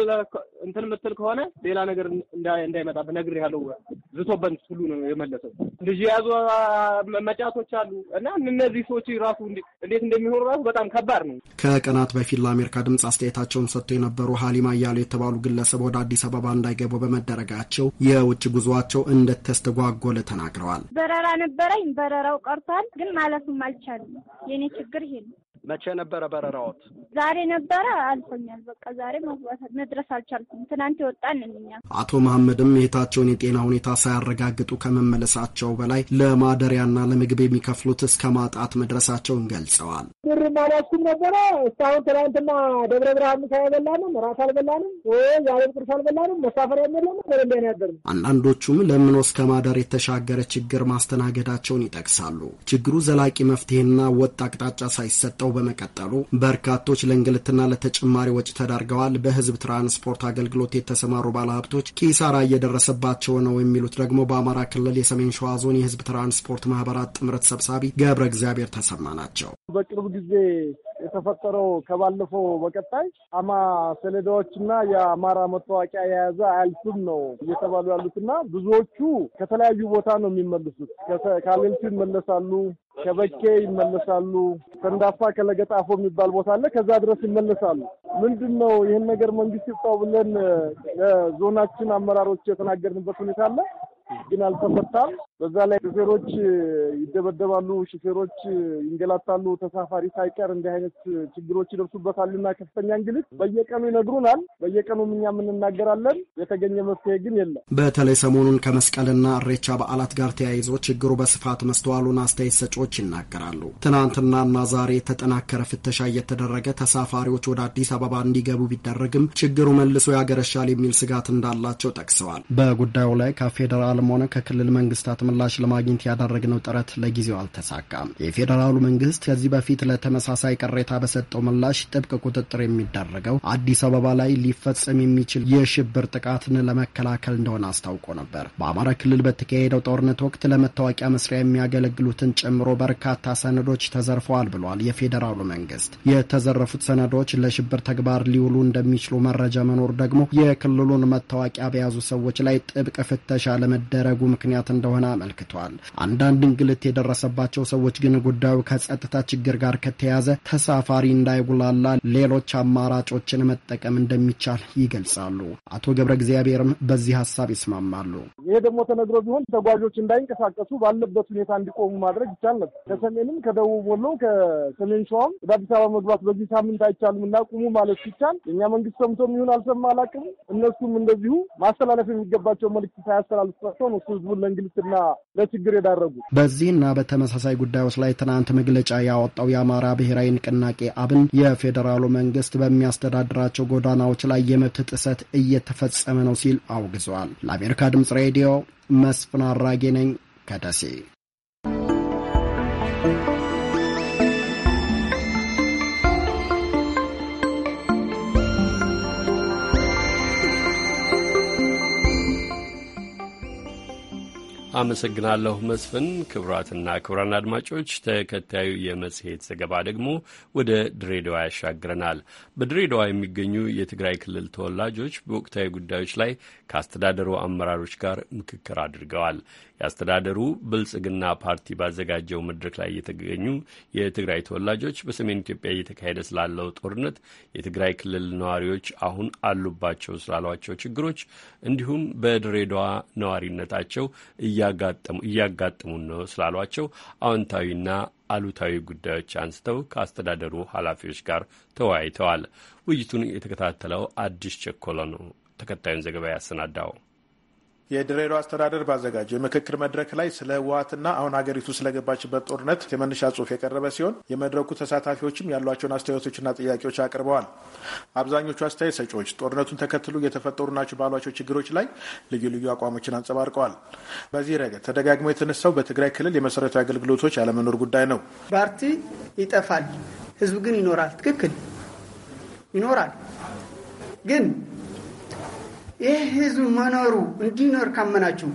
እንትን ምትል ከሆነ ሌላ ነገር እንዳይመጣብህ ነግሬሃለሁ ዝቶበን ሁሉ ነው የመለሰው። ልጅ የያዙ መጫቶች አሉ እና እነዚህ ሰዎች ራሱ እንዴት እንደሚኖሩ ራሱ በጣም ከባድ ነው። ከቀናት በፊት ለአሜሪካ ድምፅ አስተያየታቸውን ሰጥቶ የነበሩ ሀሊማ እያሉ የተባሉ ግለሰብ ወደ አዲስ አበባ እንዳይገቡ በመደረጋቸው የውጭ ጉዟቸው እንደተስተጓጎለ ተናግረዋል። በረራ ነበረኝ፣ በረራው ቀርቷል፣ ግን ማለቱም አልቻሉም። የእኔ ችግር ይሄ ነው። መቼ ነበረ በረራዎት? ዛሬ ነበረ። አልፎኛል። በቃ ዛሬ መድረስ አልቻልኩም። ትናንት የወጣን እኛ። አቶ መሐመድም እህታቸውን የጤና ሁኔታ ሳያረጋግጡ ከመመለሳቸው በላይ ለማደሪያና ለምግብ የሚከፍሉት እስከ ማጣት መድረሳቸውን ገልጸዋል። ብር ማላስኩም ነበረ እስካሁን ትናንትና ደብረ ብርሃን ምሳ አልበላንም፣ እራት አልበላንም፣ ዛሬ ቁርስ አልበላንም፣ መሳፈር የሚለንም በደንብ ያገር። አንዳንዶቹም ለምኖ እስከ ማደር የተሻገረ ችግር ማስተናገዳቸውን ይጠቅሳሉ። ችግሩ ዘላቂ መፍትሄና ወጥ አቅጣጫ ሳይሰጠው በመቀጠሉ በርካቶች ለእንግልትና ለተጨማሪ ወጪ ተዳርገዋል። በህዝብ ትራንስፖርት አገልግሎት የተሰማሩ ባለሀብቶች ኪሳራ እየደረሰባቸው ነው የሚሉት ደግሞ በአማራ ክልል የሰሜን ሸዋ ዞን የህዝብ ትራንስፖርት ማህበራት ጥምረት ሰብሳቢ ገብረ እግዚአብሔር ተሰማ ናቸው። በቅርብ ጊዜ የተፈጠረው ከባለፈው በቀጣይ አማ ሰሌዳዎችና የአማራ መታወቂያ የያዘ አያልፍም ነው እየተባሉ ያሉትና ብዙዎቹ ከተለያዩ ቦታ ነው የሚመልሱት። ከአሌልቱ ይመለሳሉ፣ ከበኬ ይመለሳሉ፣ ሰንዳፋ ከለገጣፎ የሚባል ቦታ አለ። ከዛ ድረስ ይመለሳሉ። ምንድን ነው ይህን ነገር መንግስት ይጣው ብለን ለዞናችን አመራሮች የተናገርንበት ሁኔታ አለ። ግን አልተፈታም። በዛ ላይ ሾፌሮች ይደበደባሉ፣ ሾፌሮች ይንገላታሉ። ተሳፋሪ ሳይቀር እንዲህ አይነት ችግሮች ይደርሱበታልና ከፍተኛ እንግልት በየቀኑ ይነግሩናል። በየቀኑ እኛም እንናገራለን። የተገኘ መፍትሄ ግን የለም። በተለይ ሰሞኑን ከመስቀልና እሬቻ በዓላት ጋር ተያይዞ ችግሩ በስፋት መስተዋሉን አስተያየት ሰጪዎች ይናገራሉ። ትናንትናና ዛሬ የተጠናከረ ፍተሻ እየተደረገ ተሳፋሪዎች ወደ አዲስ አበባ እንዲገቡ ቢደረግም ችግሩ መልሶ ያገረሻል የሚል ስጋት እንዳላቸው ጠቅሰዋል። በጉዳዩ ላይ ከፌዴራል ከፌዴራልም ሆነ ከክልል መንግስታት ምላሽ ለማግኘት ያደረግነው ጥረት ለጊዜው አልተሳካም። የፌዴራሉ መንግስት ከዚህ በፊት ለተመሳሳይ ቅሬታ በሰጠው ምላሽ ጥብቅ ቁጥጥር የሚደረገው አዲስ አበባ ላይ ሊፈጸም የሚችል የሽብር ጥቃትን ለመከላከል እንደሆነ አስታውቆ ነበር። በአማራ ክልል በተካሄደው ጦርነት ወቅት ለመታወቂያ መስሪያ የሚያገለግሉትን ጨምሮ በርካታ ሰነዶች ተዘርፈዋል ብሏል የፌዴራሉ መንግስት። የተዘረፉት ሰነዶች ለሽብር ተግባር ሊውሉ እንደሚችሉ መረጃ መኖሩ ደግሞ የክልሉን መታወቂያ በያዙ ሰዎች ላይ ጥብቅ ፍተሻ ለመ መደረጉ ምክንያት እንደሆነ አመልክቷል። አንዳንድ እንግልት የደረሰባቸው ሰዎች ግን ጉዳዩ ከጸጥታ ችግር ጋር ከተያዘ ተሳፋሪ እንዳይጉላላ ሌሎች አማራጮችን መጠቀም እንደሚቻል ይገልጻሉ። አቶ ገብረ እግዚአብሔርም በዚህ ሀሳብ ይስማማሉ። ይሄ ደግሞ ተነግሮ ቢሆን ተጓዦች እንዳይንቀሳቀሱ ባለበት ሁኔታ እንዲቆሙ ማድረግ ይቻል ነበር። ከሰሜንም ከደቡብ ወሎ ከሰሜን ሸዋም ወደ አዲስ አበባ መግባት በዚህ ሳምንት አይቻልም እና ቁሙ ማለት ሲቻል እኛ መንግስት ሰምቶ የሚሆን አልሰማ አላቅም። እነሱም እንደዚሁ ማስተላለፍ የሚገባቸው መልዕክት ሳያስተላልፍ በመሆናቸው ነው ህዝቡን ለእንግልትና ለችግር የዳረጉ። በዚህና በተመሳሳይ ጉዳዮች ላይ ትናንት መግለጫ ያወጣው የአማራ ብሔራዊ ንቅናቄ አብን የፌዴራሉ መንግስት በሚያስተዳድራቸው ጎዳናዎች ላይ የመብት ጥሰት እየተፈጸመ ነው ሲል አውግዟል። ለአሜሪካ ድምጽ ሬዲዮ መስፍን አራጌ ነኝ ከደሴ አመሰግናለሁ መስፍን። ክቡራትና ክቡራን አድማጮች ተከታዩ የመጽሔት ዘገባ ደግሞ ወደ ድሬዳዋ ያሻግረናል። በድሬዳዋ የሚገኙ የትግራይ ክልል ተወላጆች በወቅታዊ ጉዳዮች ላይ ከአስተዳደሩ አመራሮች ጋር ምክክር አድርገዋል። የአስተዳደሩ ብልጽግና ፓርቲ ባዘጋጀው መድረክ ላይ የተገኙ የትግራይ ተወላጆች በሰሜን ኢትዮጵያ እየተካሄደ ስላለው ጦርነት፣ የትግራይ ክልል ነዋሪዎች አሁን አሉባቸው ስላሏቸው ችግሮች እንዲሁም በድሬዳዋ ነዋሪነታቸው እያ እያጋጠሙን ነው ስላሏቸው አዎንታዊና አሉታዊ ጉዳዮች አንስተው ከአስተዳደሩ ኃላፊዎች ጋር ተወያይተዋል። ውይይቱን የተከታተለው አዲስ ቸኮለ ነው ተከታዩን ዘገባ ያሰናዳው። የድሬዳዋ አስተዳደር ባዘጋጀው የምክክር መድረክ ላይ ስለ ህወሀትና አሁን ሀገሪቱ ስለገባችበት ጦርነት የመነሻ ጽሁፍ የቀረበ ሲሆን የመድረኩ ተሳታፊዎችም ያሏቸውን አስተያየቶችና ጥያቄዎች አቅርበዋል። አብዛኞቹ አስተያየት ሰጪዎች ጦርነቱን ተከትሎ እየተፈጠሩ ናቸው ባሏቸው ችግሮች ላይ ልዩ ልዩ አቋሞችን አንጸባርቀዋል። በዚህ ረገድ ተደጋግሞ የተነሳው በትግራይ ክልል የመሰረታዊ አገልግሎቶች ያለመኖር ጉዳይ ነው። ፓርቲ ይጠፋል፣ ህዝብ ግን ይኖራል። ትክክል ይኖራል ግን ይህ ህዝብ መኖሩ እንዲኖር ካመናችሁ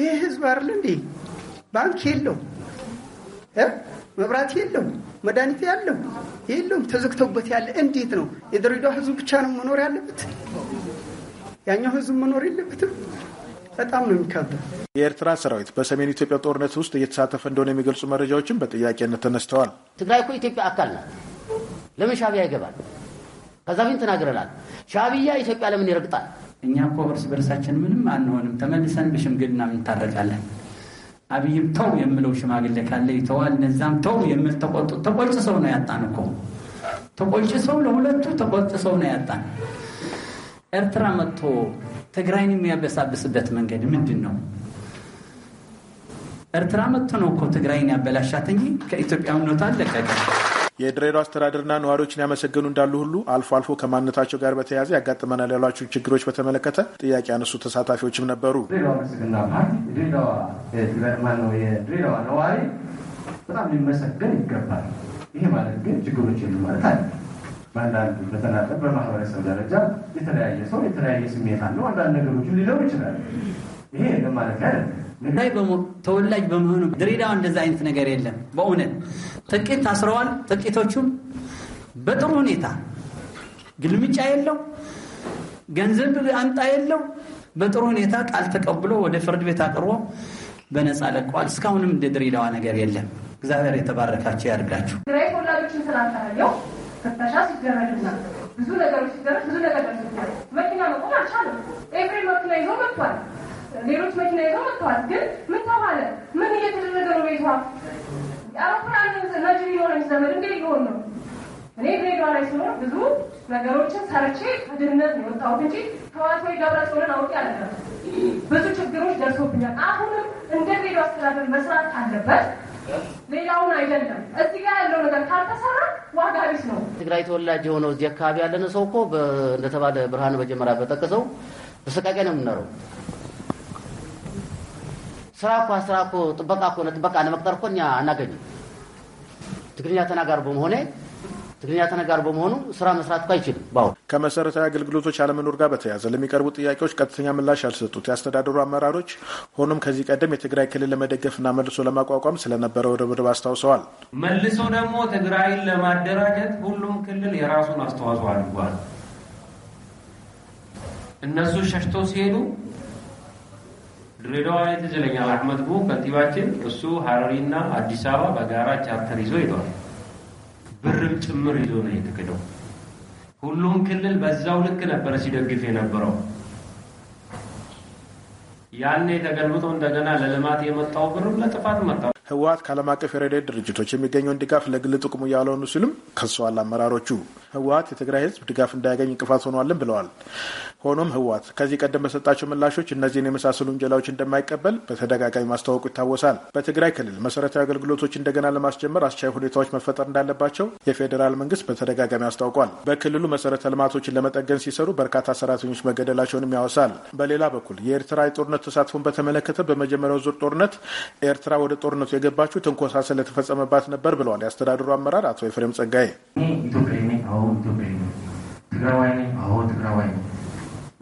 ይህ ህዝብ አይደል እንዴ ባንክ የለው መብራት የለው መድኃኒት ያለው የለውም ተዘግተውበት ያለ እንዴት ነው የድሬዳዋ ህዝብ ብቻ ነው መኖር ያለበት ያኛው ህዝብ መኖር የለበትም በጣም ነው የሚከብደው የኤርትራ ሰራዊት በሰሜን ኢትዮጵያ ጦርነት ውስጥ እየተሳተፈ እንደሆነ የሚገልጹ መረጃዎችን በጥያቄነት ተነስተዋል ትግራይ እኮ ኢትዮጵያ አካል ናት ለምን ይገባል ከዛ ፊት ተናግረናል። ሻዕቢያ ኢትዮጵያ ለምን ይረግጣል? እኛ እኮ እርስ በርሳችን ምንም አንሆንም፣ ተመልሰን በሽምግልና እንታረቃለን። አብይም ተው የምለው ሽማግሌ ካለ ይተዋል። እነዛም ተው የምል ተቆጡ ተቆጭ ሰው ነው ያጣን እኮ ተቆጭ ሰው ለሁለቱ ተቆጭ ሰው ነው ያጣን። ኤርትራ መጥቶ ትግራይን የሚያበሳብስበት መንገድ ምንድን ነው? ኤርትራ መጥቶ ነው እኮ ትግራይን ያበላሻት እንጂ ከኢትዮጵያ ከኢትዮጵያውነቷ አለቀቀ። የድሬዳዋ አስተዳደርና ነዋሪዎችን ያመሰገኑ እንዳሉ ሁሉ አልፎ አልፎ ከማንነታቸው ጋር በተያያዘ ያጋጥመናል ያሏቸውን ችግሮች በተመለከተ ጥያቄ ያነሱ ተሳታፊዎችም ነበሩ። የድሬዳዋ ነዋሪ በጣም ሊመሰገን ይገባል። ይሄ ማለት ግን ችግሮች የሉ ማለት አለ። በአንዳንድ በተናጠል በማህበረሰብ ደረጃ የተለያየ ሰው የተለያየ ስሜት አለው። አንዳንድ ነገሮችን ሊለው ይችላል። ይሄ ማለት ያለ ተወላጅ በመሆኑ ድሬዳዋ እንደዛ አይነት ነገር የለም በእውነት ጥቂት ታስረዋል። ጥቂቶቹም በጥሩ ሁኔታ ግልምጫ የለው ገንዘብ አምጣ የለው በጥሩ ሁኔታ ቃል ተቀብሎ ወደ ፍርድ ቤት አቅርቦ በነፃ ለቀዋል። እስካሁንም እንደ ድሬዳዋ ነገር የለም። እግዚአብሔር የተባረካቸው ያድርጋችሁ። ትግራይ ፍተሻ ሲደረግና ብዙ ነገሮች ሲደረግ ብዙ ነገር መኪና መቆም አልቻለም። ኤፍሬም መኪና ይዞ መጥቷል። ሌሎች መኪና ይዞ መጥተዋል። ግን ምን ተባለ? ምን እየተደረገ ነው? ቤቷ የአረኩራን መጅ ሊሆነ ዘመድ ሊሆን ነው። እኔ ድሬዳዋ ላይ ስኖር ብዙ ነገሮችን ሰርቼ ከድህነት ነው የወጣሁት እንጂ ከዋት ወይ ገብረ ጽዮንን አውቄ አይደለም። ብዙ ችግሮች ደርሶብኛል። አሁንም እንደ ድሬዳዋ አስተዳደር መስራት ካለበት ሌላውን አይደለም እዚህ ጋር ያለው ነገር ካልተሰራ ዋጋ ትግራይ ተወላጅ የሆነው እዚህ አካባቢ ያለን ሰው እኮ እንደተባለ ብርሃን መጀመሪያ በጠቀሰው በሰቃቂያ ነው የምንኖረው ስራ እኮ ስራ እኮ ጥበቃ ከሆነ ጥበቃ ለመቅጠር እኮ እኛ አናገኝም። ትግርኛ ተናጋሪ በመሆኔ ትግርኛ ተነጋሪ በመሆኑ ስራ መስራት እኮ አይችልም። በአሁን ከመሰረታዊ አገልግሎቶች አለመኖር ጋር በተያያዘ ለሚቀርቡ ጥያቄዎች ቀጥተኛ ምላሽ ያልሰጡት የአስተዳደሩ አመራሮች፣ ሆኖም ከዚህ ቀደም የትግራይ ክልል ለመደገፍና መልሶ ለማቋቋም ስለነበረው ርብርብ አስታውሰዋል። መልሶ ደግሞ ትግራይን ለማደራጀት ሁሉም ክልል የራሱን አስተዋጽኦ አድርጓል። እነሱ ሸሽተው ሲሄዱ ድሬዳዋ ላይ ትዝለኛል አህመድ ቡ ከንቲባችን እሱ ሀረሪና አዲስ አበባ በጋራ ቻርተር ይዞ ሄደዋል። ብርም ጭምር ይዞ ነው የተክደው። ሁሉም ክልል በዛው ልክ ነበረ ሲደግፍ የነበረው። ያኔ ተገልብጦ እንደገና ለልማት የመጣው ብርም ለጥፋት መጣ። ህወሀት ከዓለም አቀፍ የረድኤት ድርጅቶች የሚገኘውን ድጋፍ ለግል ጥቅሙ ያለሆኑ ሲሉም ከሰዋል። አመራሮቹ ህወሀት የትግራይ ህዝብ ድጋፍ እንዳያገኝ እንቅፋት ሆኗልን ብለዋል። ሆኖም ህወሀት ከዚህ ቀደም በሰጣቸው ምላሾች እነዚህን የመሳሰሉ ውንጀላዎች እንደማይቀበል በተደጋጋሚ ማስታወቁ ይታወሳል። በትግራይ ክልል መሰረታዊ አገልግሎቶች እንደገና ለማስጀመር አስቻይ ሁኔታዎች መፈጠር እንዳለባቸው የፌዴራል መንግስት በተደጋጋሚ አስታውቋል። በክልሉ መሰረተ ልማቶችን ለመጠገን ሲሰሩ በርካታ ሰራተኞች መገደላቸውንም ያወሳል። በሌላ በኩል የኤርትራ የጦርነት ተሳትፎን በተመለከተ በመጀመሪያው ዙር ጦርነት ኤርትራ ወደ ጦርነቱ የገባችው ትንኮሳ ስለተፈጸመባት ነበር ብለዋል የአስተዳደሩ አመራር አቶ ኤፍሬም ጸጋዬ።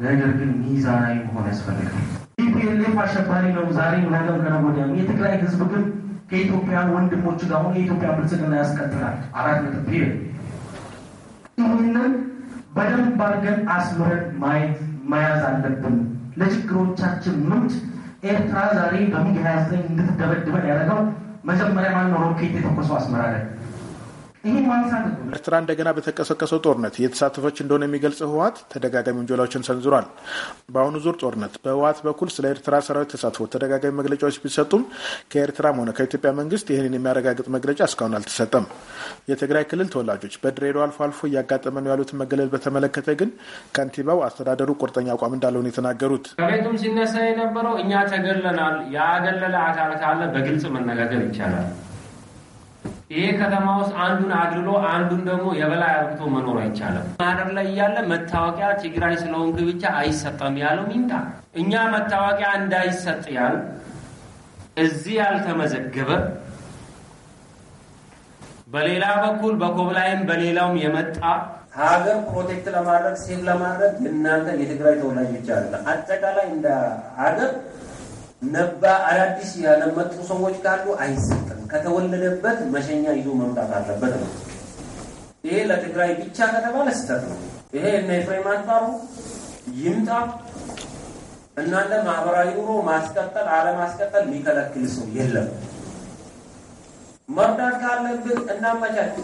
ነገር ግን ሚዛናዊ መሆን ያስፈልጋል። አሸባሪ ነው ዛሬ ነገም ከነገ የትግራይ ህዝብ ግን ከኢትዮጵያ ወንድሞች ጋር የኢትዮጵያ ብልጽግና ያስቀጥላል። አራት ነጥብ ይህንን በደንብ አድርገን አስምረን ማየት መያዝ አለብን። ለችግሮቻችን ምንጭ ኤርትራ ዛሬ በሚግ 29 እንድትደበድበን ያደረገው መጀመሪያ ማነው? ሮኬት የተኮሰው አስመራ ላይ ኤርትራ እንደገና በተቀሰቀሰው ጦርነት እየተሳተፈች እንደሆነ የሚገልጸው ህወሀት ተደጋጋሚ ውንጀላዎችን ሰንዝሯል። በአሁኑ ዙር ጦርነት በህወሀት በኩል ስለ ኤርትራ ሰራዊት ተሳትፎ ተደጋጋሚ መግለጫዎች ቢሰጡም ከኤርትራም ሆነ ከኢትዮጵያ መንግስት ይህንን የሚያረጋግጥ መግለጫ እስካሁን አልተሰጠም። የትግራይ ክልል ተወላጆች በድሬዳዋ አልፎ አልፎ እያጋጠመ ነው ያሉትን መገለል በተመለከተ ግን ከንቲባው አስተዳደሩ ቁርጠኛ አቋም እንዳለውን የተናገሩት ከቤቱም ሲነሳ የነበረው እኛ ተገለናል። ያገለለ አካል ካለ በግልጽ መነጋገር ይቻላል ይሄ ከተማ ውስጥ አንዱን አድሎ አንዱን ደግሞ የበላይ አብቶ መኖር አይቻልም። ማደር ላይ እያለ መታወቂያ ትግራይ ስለሆንክ ብቻ አይሰጠም ያለው ይምጣ። እኛ መታወቂያ እንዳይሰጥ ያል እዚህ ያልተመዘገበ በሌላ በኩል በኮብላይም በሌላውም የመጣ ሀገር ፕሮቴክት ለማድረግ ሴፍ ለማድረግ የእናንተ የትግራይ ተወላጅ ብቻ አለ። አጠቃላይ እንደ ሀገር ነባ አዳዲስ ያለመጡ ሰዎች ካሉ አይሰጥም። ከተወለደበት መሸኛ ይዞ መምጣት አለበት ነው። ይሄ ለትግራይ ብቻ ከተባለ ስህተት ነው። ይሄ እነ ኤፍሬም አንፋሩ ይምጣ እናንተ ማህበራዊ ኑሮ ማስቀጠል አለማስቀጠል የሚከለክል ሰው የለም። መርዳት ካለብን እናመቻች።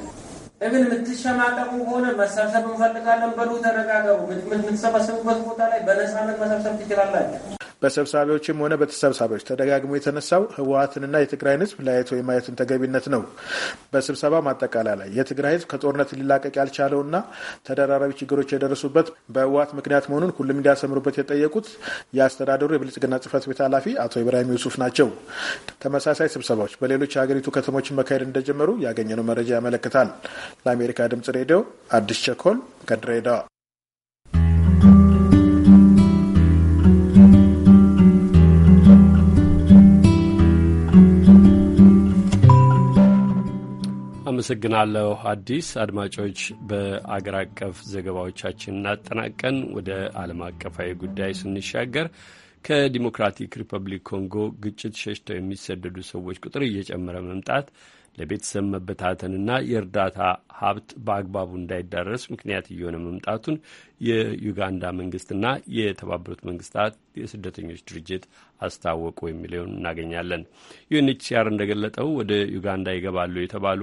እግን የምትሸማቀቁ ከሆነ መሰብሰብ እንፈልጋለን በሉ፣ ተነጋገሩ። የምትሰበሰቡበት ቦታ ላይ በነፃነት መሰብሰብ ትችላላችሁ። በሰብሳቢዎችም ሆነ በተሰብሳቢዎች ተደጋግሞ የተነሳው ህወሀትንና የትግራይን ህዝብ ለያይቶ የማየትን ተገቢነት ነው። በስብሰባ ማጠቃላይ ላይ የትግራይ ህዝብ ከጦርነት ሊላቀቅ ያልቻለውና ተደራራቢ ችግሮች የደረሱበት በህወሀት ምክንያት መሆኑን ሁሉም እንዲያሰምሩበት የጠየቁት የአስተዳደሩ የብልጽግና ጽህፈት ቤት ኃላፊ አቶ ኢብራሂም ዩሱፍ ናቸው። ተመሳሳይ ስብሰባዎች በሌሎች የሀገሪቱ ከተሞች መካሄድ እንደጀመሩ ያገኘነው መረጃ ያመለክታል። ለአሜሪካ ድምጽ ሬዲዮ አዲስ ቸኮል ከድሬዳዋ አመሰግናለሁ አዲስ። አድማጮች በአገር አቀፍ ዘገባዎቻችን እናጠናቀን ወደ ዓለም አቀፋዊ ጉዳይ ስንሻገር ከዲሞክራቲክ ሪፐብሊክ ኮንጎ ግጭት ሸሽተው የሚሰደዱ ሰዎች ቁጥር እየጨመረ መምጣት ለቤተሰብ መበታተንና የእርዳታ ሀብት በአግባቡ እንዳይዳረስ ምክንያት እየሆነ መምጣቱን የዩጋንዳ መንግስትና የተባበሩት መንግስታት የስደተኞች ድርጅት አስታወቁ የሚለውን እናገኛለን። ዩኤንኤችሲአር እንደገለጠው ወደ ዩጋንዳ ይገባሉ የተባሉ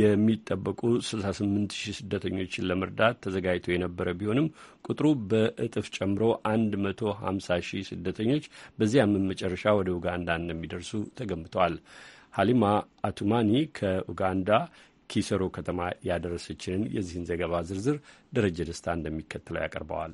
የሚጠበቁ 68 ስደተኞችን ለመርዳት ተዘጋጅቶ የነበረ ቢሆንም ቁጥሩ በእጥፍ ጨምሮ 150 ሺህ ስደተኞች በዚህ ዓመት መጨረሻ ወደ ኡጋንዳ እንደሚደርሱ ተገምተዋል። ሀሊማ አቱማኒ ከኡጋንዳ ኪሰሮ ከተማ ያደረሰችንን የዚህን ዘገባ ዝርዝር ደረጀ ደስታ እንደሚከተለው ያቀርበዋል።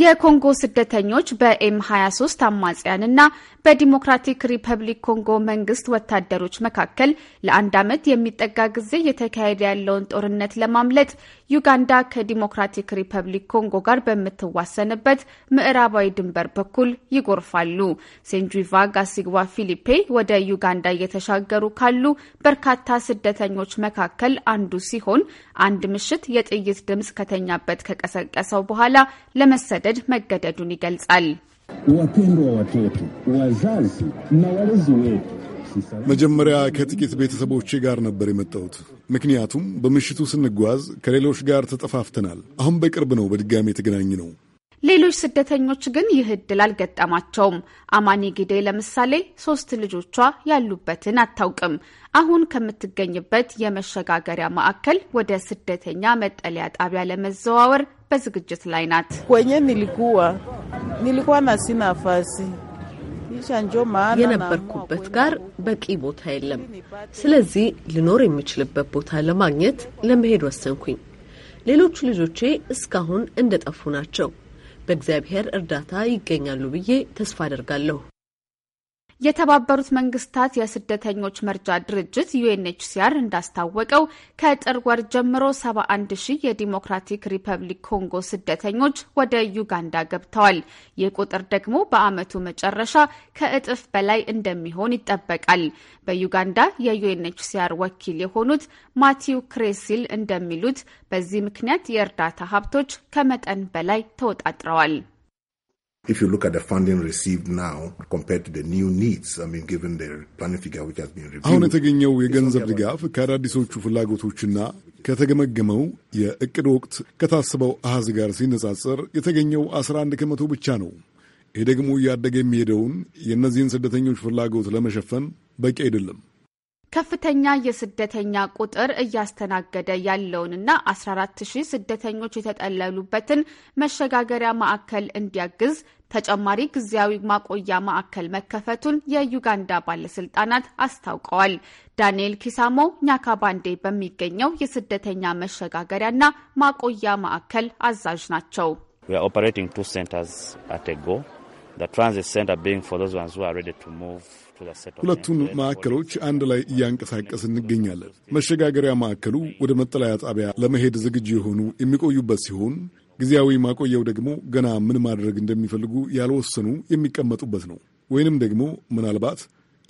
የኮንጎ ስደተኞች በኤም 23 አማጽያንና በዲሞክራቲክ ሪፐብሊክ ኮንጎ መንግስት ወታደሮች መካከል ለአንድ ዓመት የሚጠጋ ጊዜ እየተካሄደ ያለውን ጦርነት ለማምለጥ ዩጋንዳ ከዲሞክራቲክ ሪፐብሊክ ኮንጎ ጋር በምትዋሰንበት ምዕራባዊ ድንበር በኩል ይጎርፋሉ። ሴንጁቫ ጋሲግባ ፊሊፔ ወደ ዩጋንዳ እየተሻገሩ ካሉ በርካታ ስደተኞች መካከል አንዱ ሲሆን አንድ ምሽት የጥይት ድምፅ ከተኛበት ከቀሰቀሰው በኋላ ለመሰደድ መገደዱን ይገልጻል። wapendwa watoto ወዛዝ ነወልዝ walezi መጀመሪያ ከጥቂት ቤተሰቦቼ ጋር ነበር የመጣሁት። ምክንያቱም በምሽቱ ስንጓዝ ከሌሎች ጋር ተጠፋፍተናል። አሁን በቅርብ ነው በድጋሚ የተገናኘ ነው። ሌሎች ስደተኞች ግን ይህ እድል አልገጠማቸውም። አማኒ ጊዴ ለምሳሌ ሶስት ልጆቿ ያሉበትን አታውቅም። አሁን ከምትገኝበት የመሸጋገሪያ ማዕከል ወደ ስደተኛ መጠለያ ጣቢያ ለመዘዋወር በዝግጅት ላይ ናት። የነበርኩበት ጋር በቂ ቦታ የለም። ስለዚህ ልኖር የሚችልበት ቦታ ለማግኘት ለመሄድ ወሰንኩኝ። ሌሎቹ ልጆቼ እስካሁን እንደጠፉ ናቸው። በእግዚአብሔር እርዳታ ይገኛሉ ብዬ ተስፋ አደርጋለሁ። የተባበሩት መንግስታት የስደተኞች መርጃ ድርጅት ዩኤንኤችሲአር እንዳስታወቀው ከጥር ወር ጀምሮ 71 ሺህ የዲሞክራቲክ ሪፐብሊክ ኮንጎ ስደተኞች ወደ ዩጋንዳ ገብተዋል። ይህ ቁጥር ደግሞ በዓመቱ መጨረሻ ከእጥፍ በላይ እንደሚሆን ይጠበቃል። በዩጋንዳ የዩኤንኤችሲአር ወኪል የሆኑት ማቲው ክሬሲል እንደሚሉት በዚህ ምክንያት የእርዳታ ሀብቶች ከመጠን በላይ ተወጣጥረዋል። If you look at the funding received now compared to the new needs, I mean, given the planning figure which has been reviewed. አሁን የተገኘው የገንዘብ ድጋፍ ከአዳዲሶቹ ፍላጎቶችና ከተገመገመው የእቅድ ወቅት ከታስበው አሃዝ ጋር ሲነጻጸር የተገኘው 11 ከመቶ ብቻ ነው። ይህ ደግሞ እያደገ የሚሄደውን የእነዚህን ስደተኞች ፍላጎት ለመሸፈን በቂ አይደለም። ከፍተኛ የስደተኛ ቁጥር እያስተናገደ ያለውንና 14,000 ስደተኞች የተጠለሉበትን መሸጋገሪያ ማዕከል እንዲያግዝ ተጨማሪ ጊዜያዊ ማቆያ ማዕከል መከፈቱን የዩጋንዳ ባለስልጣናት አስታውቀዋል። ዳንኤል ኪሳሞ ኛካባንዴ በሚገኘው የስደተኛ መሸጋገሪያና ማቆያ ማዕከል አዛዥ ናቸው። ኦፐሬቲንግ ቱ ሴንተርስ አቴጎ ትራንዚት ሴንተር ቢንግ ፎር ዞዝ ዋንስ ሁ አር ሬዲ ቱ ሙቭ ሁለቱን ማዕከሎች አንድ ላይ እያንቀሳቀስ እንገኛለን። መሸጋገሪያ ማዕከሉ ወደ መጠለያ ጣቢያ ለመሄድ ዝግጁ የሆኑ የሚቆዩበት ሲሆን ጊዜያዊ ማቆየው ደግሞ ገና ምን ማድረግ እንደሚፈልጉ ያልወሰኑ የሚቀመጡበት ነው። ወይንም ደግሞ ምናልባት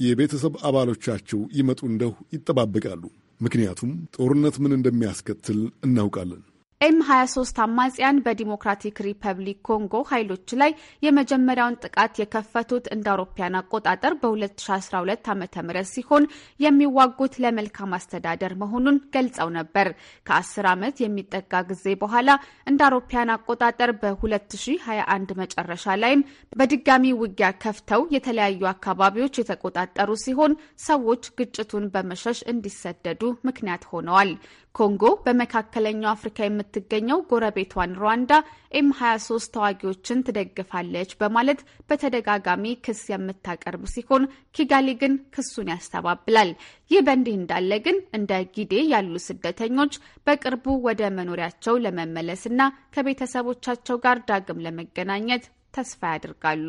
የቤተሰብ አባሎቻቸው ይመጡ እንደሁ ይጠባበቃሉ። ምክንያቱም ጦርነት ምን እንደሚያስከትል እናውቃለን። ኤም 23 አማጽያን በዲሞክራቲክ ሪፐብሊክ ኮንጎ ኃይሎች ላይ የመጀመሪያውን ጥቃት የከፈቱት እንደ አውሮፓያን አቆጣጠር በ2012 ዓ ም ሲሆን የሚዋጉት ለመልካም አስተዳደር መሆኑን ገልጸው ነበር። ከ10 ዓመት የሚጠጋ ጊዜ በኋላ እንደ አውሮፓያን አቆጣጠር በ2021 መጨረሻ ላይም በድጋሚ ውጊያ ከፍተው የተለያዩ አካባቢዎች የተቆጣጠሩ ሲሆን ሰዎች ግጭቱን በመሸሽ እንዲሰደዱ ምክንያት ሆነዋል። ኮንጎ በመካከለኛው አፍሪካ የምትገኘው ጎረቤቷን ሩዋንዳ ኤም 23 ተዋጊዎችን ትደግፋለች በማለት በተደጋጋሚ ክስ የምታቀርብ ሲሆን ኪጋሊ ግን ክሱን ያስተባብላል። ይህ በእንዲህ እንዳለ ግን እንደ ጊዴ ያሉ ስደተኞች በቅርቡ ወደ መኖሪያቸው ለመመለስና ከቤተሰቦቻቸው ጋር ዳግም ለመገናኘት ተስፋ ያደርጋሉ።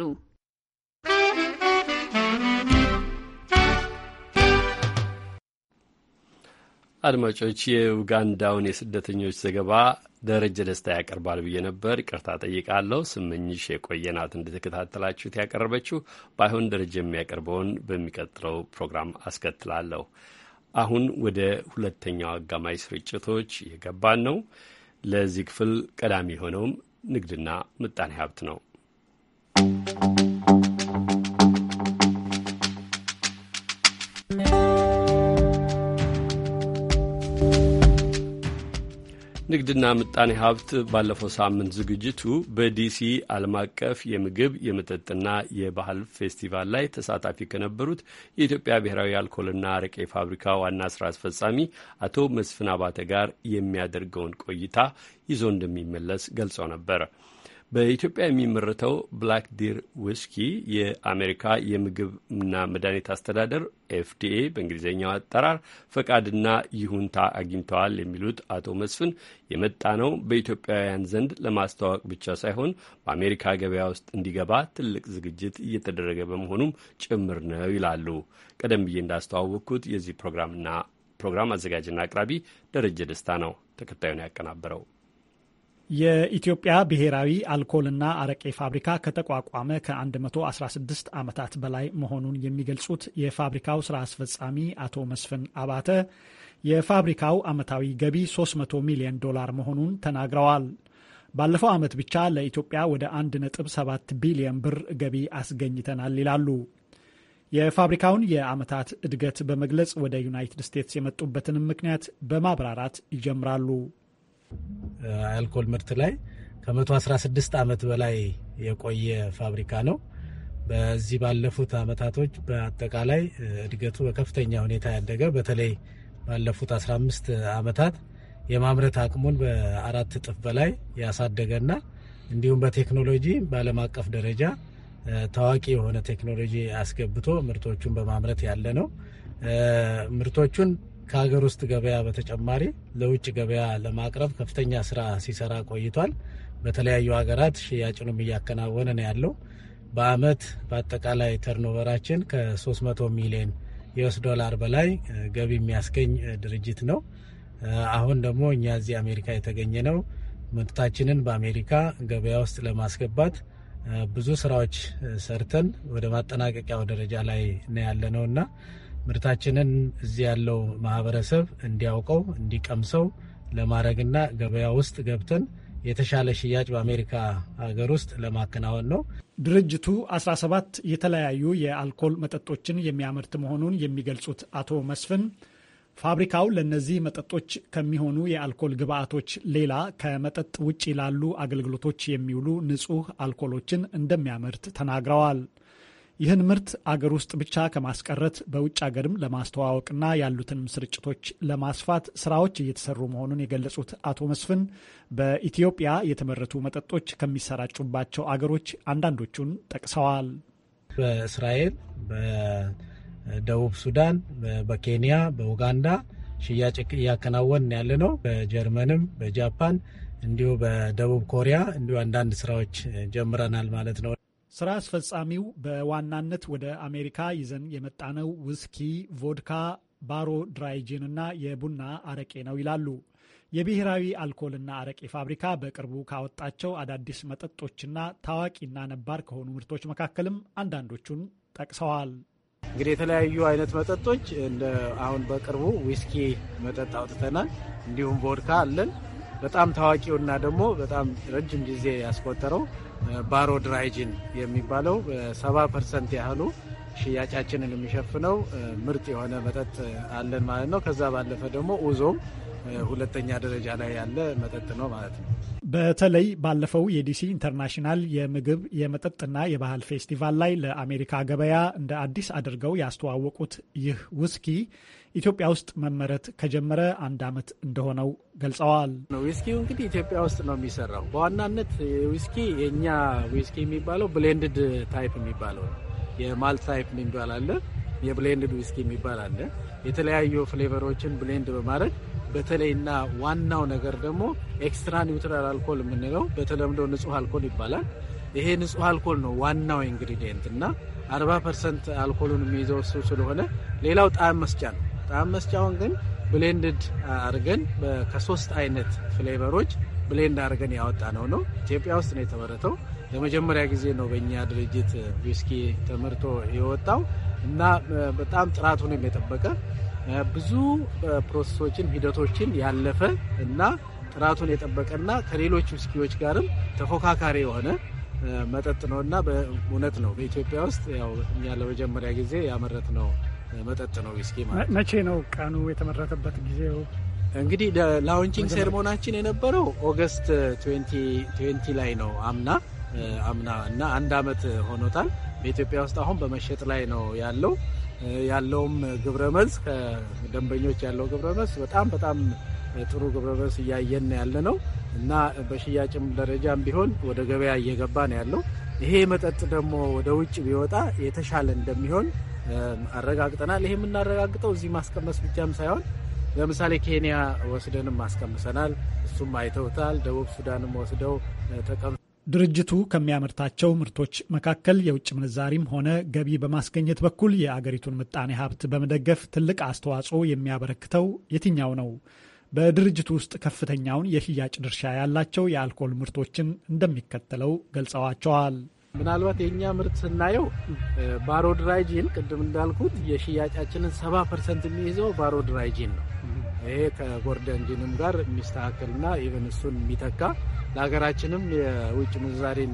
አድማጮች የኡጋንዳውን የስደተኞች ዘገባ ደረጀ ደስታ ያቀርባል ብዬ ነበር። ቅርታ ጠይቃለሁ። ስምኝሽ የቆየናት እንደተከታተላችሁት ያቀረበችው። ባይሆን ደረጀ የሚያቀርበውን በሚቀጥለው ፕሮግራም አስከትላለሁ። አሁን ወደ ሁለተኛው አጋማሽ ስርጭቶች የገባን ነው። ለዚህ ክፍል ቀዳሚ የሆነውም ንግድና ምጣኔ ሀብት ነው። ንግድና ምጣኔ ሀብት ባለፈው ሳምንት ዝግጅቱ በዲሲ ዓለም አቀፍ የምግብ የመጠጥና የባህል ፌስቲቫል ላይ ተሳታፊ ከነበሩት የኢትዮጵያ ብሔራዊ አልኮልና አረቄ ፋብሪካ ዋና ስራ አስፈጻሚ አቶ መስፍን አባተ ጋር የሚያደርገውን ቆይታ ይዞ እንደሚመለስ ገልጸው ነበር። በኢትዮጵያ የሚመረተው ብላክ ዲር ውስኪ የአሜሪካ የምግብና መድኃኒት አስተዳደር ኤፍዲኤ በእንግሊዝኛው አጠራር ፈቃድና ይሁንታ አግኝተዋል የሚሉት አቶ መስፍን የመጣ ነው። በኢትዮጵያውያን ዘንድ ለማስተዋወቅ ብቻ ሳይሆን በአሜሪካ ገበያ ውስጥ እንዲገባ ትልቅ ዝግጅት እየተደረገ በመሆኑም ጭምር ነው ይላሉ። ቀደም ብዬ እንዳስተዋወቅኩት የዚህ ፕሮግራምና ፕሮግራም አዘጋጅና አቅራቢ ደረጀ ደስታ ነው። ተከታዩን ያቀናበረው የኢትዮጵያ ብሔራዊ አልኮልና አረቄ ፋብሪካ ከተቋቋመ ከ116 ዓመታት በላይ መሆኑን የሚገልጹት የፋብሪካው ስራ አስፈጻሚ አቶ መስፍን አባተ የፋብሪካው ዓመታዊ ገቢ 300 ሚሊዮን ዶላር መሆኑን ተናግረዋል። ባለፈው ዓመት ብቻ ለኢትዮጵያ ወደ 1.7 ቢሊዮን ብር ገቢ አስገኝተናል ይላሉ። የፋብሪካውን የዓመታት እድገት በመግለጽ ወደ ዩናይትድ ስቴትስ የመጡበትንም ምክንያት በማብራራት ይጀምራሉ። አልኮል ምርት ላይ ከ116 ዓመት በላይ የቆየ ፋብሪካ ነው። በዚህ ባለፉት አመታቶች በአጠቃላይ እድገቱ በከፍተኛ ሁኔታ ያደገ በተለይ ባለፉት 15 አመታት የማምረት አቅሙን በአራት እጥፍ በላይ ያሳደገና እንዲሁም በቴክኖሎጂ በዓለም አቀፍ ደረጃ ታዋቂ የሆነ ቴክኖሎጂ አስገብቶ ምርቶቹን በማምረት ያለ ነው። ምርቶቹን ከሀገር ውስጥ ገበያ በተጨማሪ ለውጭ ገበያ ለማቅረብ ከፍተኛ ስራ ሲሰራ ቆይቷል። በተለያዩ ሀገራት ሽያጭንም እያከናወነ ነው ያለው። በአመት በአጠቃላይ ተርኖቨራችን ከ300 ሚሊዮን ዩኤስ ዶላር በላይ ገቢ የሚያስገኝ ድርጅት ነው። አሁን ደግሞ እኛ እዚህ አሜሪካ የተገኘ ነው ምርታችንን በአሜሪካ ገበያ ውስጥ ለማስገባት ብዙ ስራዎች ሰርተን ወደ ማጠናቀቂያው ደረጃ ላይ ነው ያለነው እና ምርታችንን እዚህ ያለው ማህበረሰብ እንዲያውቀው እንዲቀምሰው ለማድረግና ገበያ ውስጥ ገብተን የተሻለ ሽያጭ በአሜሪካ ሀገር ውስጥ ለማከናወን ነው። ድርጅቱ 17 የተለያዩ የአልኮል መጠጦችን የሚያመርት መሆኑን የሚገልጹት አቶ መስፍን ፋብሪካው ለእነዚህ መጠጦች ከሚሆኑ የአልኮል ግብአቶች ሌላ ከመጠጥ ውጪ ላሉ አገልግሎቶች የሚውሉ ንጹህ አልኮሎችን እንደሚያመርት ተናግረዋል። ይህን ምርት አገር ውስጥ ብቻ ከማስቀረት በውጭ አገርም ለማስተዋወቅና ያሉትን ስርጭቶች ለማስፋት ስራዎች እየተሰሩ መሆኑን የገለጹት አቶ መስፍን በኢትዮጵያ የተመረቱ መጠጦች ከሚሰራጩባቸው አገሮች አንዳንዶቹን ጠቅሰዋል። በእስራኤል፣ በደቡብ ሱዳን፣ በኬንያ፣ በኡጋንዳ ሽያጭ እያከናወን ያለ ነው። በጀርመንም፣ በጃፓን እንዲሁ በደቡብ ኮሪያ እንዲሁ አንዳንድ ስራዎች ጀምረናል ማለት ነው። ስራ አስፈጻሚው በዋናነት ወደ አሜሪካ ይዘን የመጣነው ውስኪ፣ ቮድካ፣ ባሮ ድራይጅን እና የቡና አረቄ ነው ይላሉ። የብሔራዊ አልኮልና አረቄ ፋብሪካ በቅርቡ ካወጣቸው አዳዲስ መጠጦችና ታዋቂና ነባር ከሆኑ ምርቶች መካከልም አንዳንዶቹን ጠቅሰዋል። እንግዲህ የተለያዩ አይነት መጠጦች እንደ አሁን በቅርቡ ዊስኪ መጠጥ አውጥተናል። እንዲሁም ቮድካ አለን። በጣም ታዋቂውና ደግሞ በጣም ረጅም ጊዜ ያስቆጠረው ባሮ ድራይጅን የሚባለው ሰባ ፐርሰንት ያህሉ ሽያጫችንን የሚሸፍነው ምርጥ የሆነ መጠጥ አለን ማለት ነው። ከዛ ባለፈ ደግሞ ኡዞም ሁለተኛ ደረጃ ላይ ያለ መጠጥ ነው ማለት ነው። በተለይ ባለፈው የዲሲ ኢንተርናሽናል የምግብ የመጠጥና የባህል ፌስቲቫል ላይ ለአሜሪካ ገበያ እንደ አዲስ አድርገው ያስተዋወቁት ይህ ውስኪ ኢትዮጵያ ውስጥ መመረት ከጀመረ አንድ ዓመት እንደሆነው ገልጸዋል። ዊስኪው እንግዲህ ኢትዮጵያ ውስጥ ነው የሚሰራው። በዋናነት ዊስኪ የእኛ ዊስኪ የሚባለው ብሌንድድ ታይፕ የሚባለው የማልት ታይፕ የሚባል አለ፣ የብሌንድድ ዊስኪ የሚባል አለ። የተለያዩ ፍሌቨሮችን ብሌንድ በማድረግ በተለይና ዋናው ነገር ደግሞ ኤክስትራ ኒውትራል አልኮል የምንለው በተለምዶ ንጹህ አልኮል ይባላል። ይሄ ንጹህ አልኮል ነው ዋናው ኢንግሪዲየንት እና 40 ፐርሰንት አልኮሉን የሚይዘው እሱ ስለሆነ ሌላው ጣዕም መስጫ ነው። ጣዕም መስጫውን ግን ብሌንድድ አድርገን ከሶስት አይነት ፍሌቨሮች ብሌንድ አድርገን ያወጣ ነው ነው ኢትዮጵያ ውስጥ ነው የተመረተው። ለመጀመሪያ ጊዜ ነው በእኛ ድርጅት ዊስኪ ተመርቶ የወጣው እና በጣም ጥራቱንም የጠበቀ ብዙ ፕሮሰሶችን፣ ሂደቶችን ያለፈ እና ጥራቱን የጠበቀና ከሌሎች ውስኪዎች ጋርም ተፎካካሪ የሆነ መጠጥ ነው እና በእውነት ነው በኢትዮጵያ ውስጥ ያው እኛ ለመጀመሪያ ጊዜ ያመረት ነው መጠጥ ነው ዊስኪ ማለት። መቼ ነው ቀኑ የተመረተበት ጊዜው? እንግዲህ ላውንቺንግ ሴርሞናችን የነበረው ኦገስት 2020 ላይ ነው አምና አምና እና አንድ አመት ሆኖታል። በኢትዮጵያ ውስጥ አሁን በመሸጥ ላይ ነው ያለው። ያለውም ግብረ መልስ ከደንበኞች ያለው ግብረ መልስ በጣም በጣም ጥሩ ግብረ መልስ እያየን ያለ ነው እና በሽያጭም ደረጃም ቢሆን ወደ ገበያ እየገባ ነው ያለው። ይሄ መጠጥ ደግሞ ወደ ውጭ ቢወጣ የተሻለ እንደሚሆን አረጋግጠናል። ይህ የምናረጋግጠው እዚህ ማስቀመስ ብቻም ሳይሆን ለምሳሌ ኬንያ ወስደንም አስቀምሰናል። እሱም አይተውታል። ደቡብ ሱዳንም ወስደው ተቀም ድርጅቱ ከሚያመርታቸው ምርቶች መካከል የውጭ ምንዛሪም ሆነ ገቢ በማስገኘት በኩል የአገሪቱን ምጣኔ ሀብት በመደገፍ ትልቅ አስተዋጽኦ የሚያበረክተው የትኛው ነው? በድርጅቱ ውስጥ ከፍተኛውን የሽያጭ ድርሻ ያላቸው የአልኮል ምርቶችን እንደሚከተለው ገልጸዋቸዋል። ምናልባት የእኛ ምርት ስናየው ባሮ ድራይ ቅድም እንዳልኩት የሽያጫችንን ሰባ ፐርሰንት የሚይዘው ባሮ ድራይ ነው። ይሄ ከጎርደን ጂንም ጋር የሚስተካከልና ኢቨን እሱን የሚተካ ለሀገራችንም የውጭ ምንዛሬን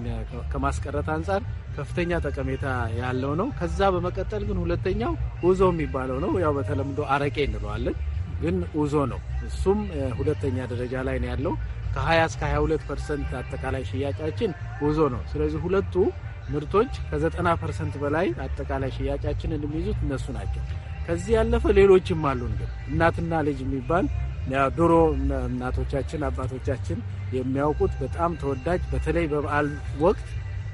ከማስቀረት አንጻር ከፍተኛ ጠቀሜታ ያለው ነው። ከዛ በመቀጠል ግን ሁለተኛው ኡዞ የሚባለው ነው። ያው በተለምዶ አረቄ እንለዋለን፣ ግን ኡዞ ነው። እሱም ሁለተኛ ደረጃ ላይ ነው ያለው። ከ20 እስከ 22 ፐርሰንት አጠቃላይ ሽያጫችን ጉዞ ነው። ስለዚህ ሁለቱ ምርቶች ከ90 ፐርሰንት በላይ አጠቃላይ ሽያጫችን እንደሚይዙት እነሱ ናቸው። ከዚህ ያለፈ ሌሎችም አሉን። ግን እናትና ልጅ የሚባል ዶሮ እናቶቻችን አባቶቻችን የሚያውቁት በጣም ተወዳጅ በተለይ በበዓል ወቅት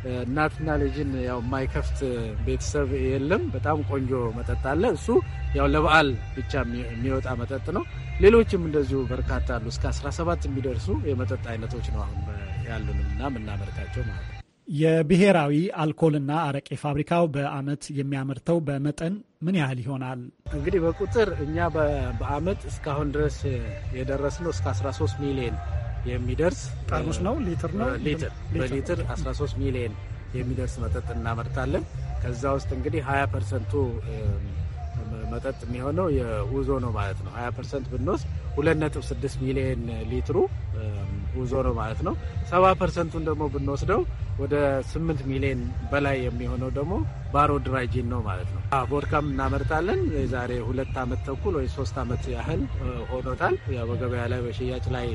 እናትና ልጅን ያው የማይከፍት ቤተሰብ የለም። በጣም ቆንጆ መጠጥ አለ። እሱ ያው ለበዓል ብቻ የሚወጣ መጠጥ ነው። ሌሎችም እንደዚሁ በርካታ አሉ። እስከ 17 የሚደርሱ የመጠጥ አይነቶች ነው አሁን ያሉንና የምናመርታቸው ማለት ነው። የብሔራዊ አልኮልና አረቄ ፋብሪካው በአመት የሚያመርተው በመጠን ምን ያህል ይሆናል? እንግዲህ በቁጥር እኛ በአመት እስካሁን ድረስ የደረስነው እስከ 13 ሚሊዮን የሚደርስ ጠርሙስ ነው። ሊትር ነው። ሊትር በሊትር 13 ሚሊዮን የሚደርስ መጠጥ እናመርታለን። ከዛ ውስጥ እንግዲህ 20 ፐርሰንቱ መጠጥ የሚሆነው የኡዞ ነው ማለት ነው። 20 ፐርሰንት ብንወስድ 2.6 ሚሊዮን ሊትሩ ኡዞ ነው ማለት ነው። 70 ፐርሰንቱን ደግሞ ብንወስደው ወደ 8 ሚሊዮን በላይ የሚሆነው ደግሞ ባሮ ድራይጂን ነው ማለት ነው። ቦድካም እናመርታለን። የዛሬ ሁለት ዓመት ተኩል ወይ ሶስት ዓመት ያህል ሆኖታል። በገበያ ላይ በሽያጭ ላይ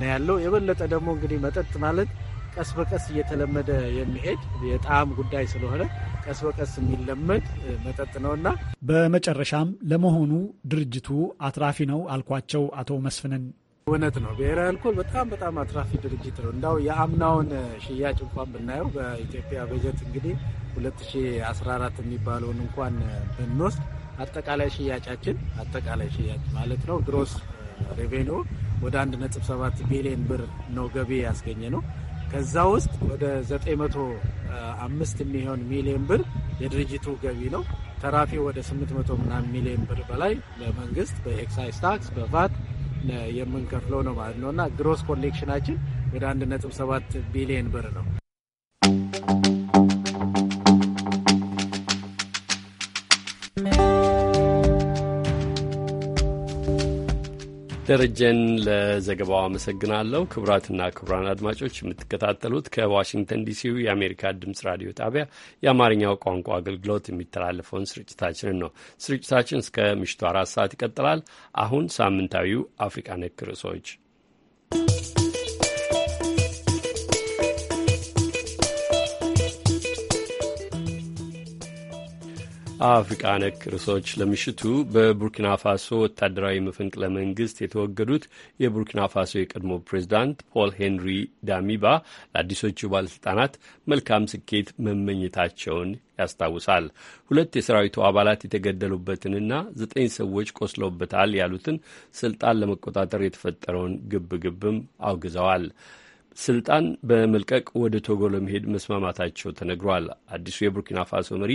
ነው ያለው። የበለጠ ደግሞ እንግዲህ መጠጥ ማለት ቀስ በቀስ እየተለመደ የሚሄድ የጣዕም ጉዳይ ስለሆነ ቀስ በቀስ የሚለመድ መጠጥ ነውና። በመጨረሻም ለመሆኑ ድርጅቱ አትራፊ ነው አልኳቸው አቶ መስፍንን። እውነት ነው። ብሔራዊ አልኮል በጣም በጣም አትራፊ ድርጅት ነው። እንዳው የአምናውን ሽያጭ እንኳን ብናየው በኢትዮጵያ በጀት እንግዲህ 2014 የሚባለውን እንኳን ብንወስድ አጠቃላይ ሽያጫችን አጠቃላይ ሽያጭ ማለት ነው ግሮስ ሬቬኒው ወደ 1.7 ቢሊዮን ብር ነው ገቢ ያስገኘ ነው። ከዛ ውስጥ ወደ 905 የሚሆን ሚሊዮን ብር የድርጅቱ ገቢ ነው። ተራፊ ወደ 800 ምናምን ሚሊዮን ብር በላይ ለመንግስት በኤክሳይዝ ታክስ በቫት የምንከፍለው ነው ማለት ነው እና ግሮስ ኮሌክሽናችን ወደ 1.7 ቢሊዮን ብር ነው። ደረጀን ለዘገባው አመሰግናለሁ። ክቡራትና ክቡራን አድማጮች የምትከታተሉት ከዋሽንግተን ዲሲው የአሜሪካ ድምፅ ራዲዮ ጣቢያ የአማርኛው ቋንቋ አገልግሎት የሚተላለፈውን ስርጭታችንን ነው። ስርጭታችን እስከ ምሽቱ አራት ሰዓት ይቀጥላል። አሁን ሳምንታዊው አፍሪቃ ነክ ርዕሶች አፍሪቃ ነክ ርዕሶች ለምሽቱ በቡርኪና ፋሶ ወታደራዊ መፈንቅለ መንግስት የተወገዱት የቡርኪና ፋሶ የቀድሞ ፕሬዚዳንት ፖል ሄንሪ ዳሚባ ለአዲሶቹ ባለሥልጣናት መልካም ስኬት መመኘታቸውን ያስታውሳል። ሁለት የሰራዊቱ አባላት የተገደሉበትንና ዘጠኝ ሰዎች ቆስለውበታል ያሉትን ስልጣን ለመቆጣጠር የተፈጠረውን ግብ ግብም አውግዘዋል። ስልጣን በመልቀቅ ወደ ቶጎ ለመሄድ መስማማታቸው ተነግሯል። አዲሱ የቡርኪና ፋሶ መሪ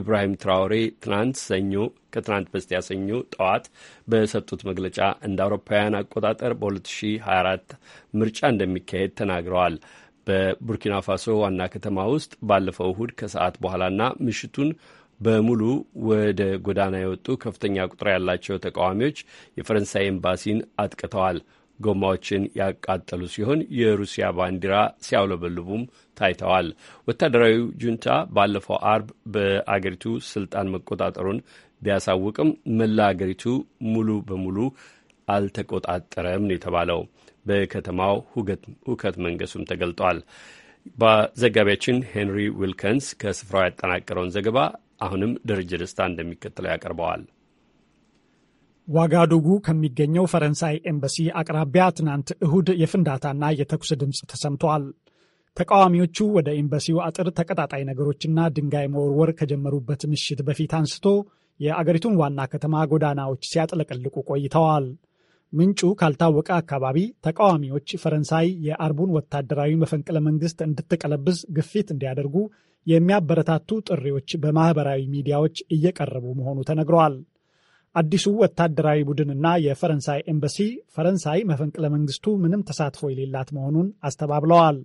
ኢብራሂም ትራውሬ ትናንት ሰኞ ከትናንት በስቲያ ሰኞ ጠዋት በሰጡት መግለጫ እንደ አውሮፓውያን አቆጣጠር በ2024 ምርጫ እንደሚካሄድ ተናግረዋል። በቡርኪና ፋሶ ዋና ከተማ ውስጥ ባለፈው እሁድ ከሰዓት በኋላና ምሽቱን በሙሉ ወደ ጎዳና የወጡ ከፍተኛ ቁጥር ያላቸው ተቃዋሚዎች የፈረንሳይ ኤምባሲን አጥቅተዋል። ጎማዎችን ያቃጠሉ ሲሆን የሩሲያ ባንዲራ ሲያውለበልቡም ታይተዋል። ወታደራዊ ጁንታ ባለፈው አርብ በአገሪቱ ስልጣን መቆጣጠሩን ቢያሳውቅም መላ አገሪቱ ሙሉ በሙሉ አልተቆጣጠረም ነው የተባለው። በከተማው ሁከት መንገሱም ተገልጧል። በዘጋቢያችን ሄንሪ ዊልከንስ ከስፍራው ያጠናቀረውን ዘገባ አሁንም ደረጀ ደስታ እንደሚከተለው ያቀርበዋል። ዋጋዱጉ ከሚገኘው ፈረንሳይ ኤምባሲ አቅራቢያ ትናንት እሁድ የፍንዳታና የተኩስ ድምፅ ተሰምተዋል። ተቃዋሚዎቹ ወደ ኤምባሲው አጥር ተቀጣጣይ ነገሮችና ድንጋይ መወርወር ከጀመሩበት ምሽት በፊት አንስቶ የአገሪቱን ዋና ከተማ ጎዳናዎች ሲያጥለቀልቁ ቆይተዋል። ምንጩ ካልታወቀ አካባቢ ተቃዋሚዎች ፈረንሳይ የአርቡን ወታደራዊ መፈንቅለ መንግስት እንድትቀለብስ ግፊት እንዲያደርጉ የሚያበረታቱ ጥሪዎች በማኅበራዊ ሚዲያዎች እየቀረቡ መሆኑ ተነግረዋል። አዲሱ ወታደራዊ ቡድንና የፈረንሳይ ኤምባሲ ፈረንሳይ መፈንቅለ መንግስቱ ምንም ተሳትፎ የሌላት መሆኑን አስተባብለዋል።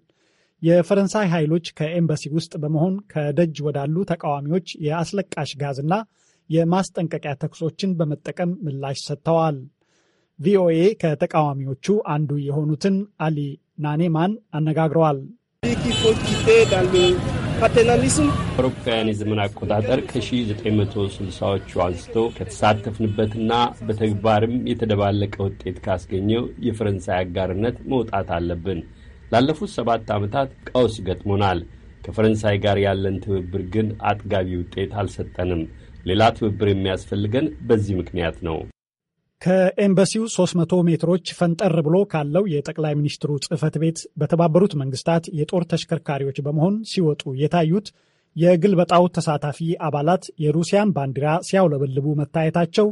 የፈረንሳይ ኃይሎች ከኤምባሲ ውስጥ በመሆን ከደጅ ወዳሉ ተቃዋሚዎች የአስለቃሽ ጋዝና የማስጠንቀቂያ ተኩሶችን በመጠቀም ምላሽ ሰጥተዋል። ቪኦኤ ከተቃዋሚዎቹ አንዱ የሆኑትን አሊ ናኔማን አነጋግረዋል። ፓቴርናሊዝም አውሮፓውያን የዘመን አቆጣጠር ከ1960ዎቹ አንስቶ ከተሳተፍንበትና በተግባርም የተደባለቀ ውጤት ካስገኘው የፈረንሳይ አጋርነት መውጣት አለብን። ላለፉት ሰባት ዓመታት ቀውስ ገጥሞናል። ከፈረንሳይ ጋር ያለን ትብብር ግን አጥጋቢ ውጤት አልሰጠንም። ሌላ ትብብር የሚያስፈልገን በዚህ ምክንያት ነው። ከኤምባሲው 300 ሜትሮች ፈንጠር ብሎ ካለው የጠቅላይ ሚኒስትሩ ጽህፈት ቤት በተባበሩት መንግስታት የጦር ተሽከርካሪዎች በመሆን ሲወጡ የታዩት የግልበጣው ተሳታፊ አባላት የሩሲያን ባንዲራ ሲያውለበልቡ መታየታቸው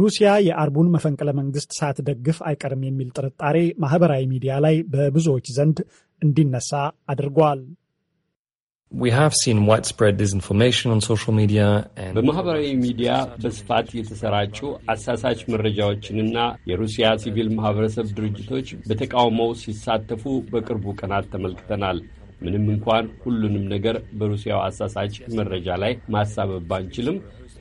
ሩሲያ የአርቡን መፈንቅለ መንግስት ሳትደግፍ አይቀርም የሚል ጥርጣሬ ማህበራዊ ሚዲያ ላይ በብዙዎች ዘንድ እንዲነሳ አድርጓል። በማኅበራዊ ሚዲያ በስፋት የተሰራጩ አሳሳች መረጃዎችንና የሩሲያ ሲቪል ማኅበረሰብ ድርጅቶች በተቃውሞው ሲሳተፉ በቅርቡ ቀናት ተመልክተናል። ምንም እንኳን ሁሉንም ነገር በሩሲያው አሳሳች መረጃ ላይ ማሳበብ ባንችልም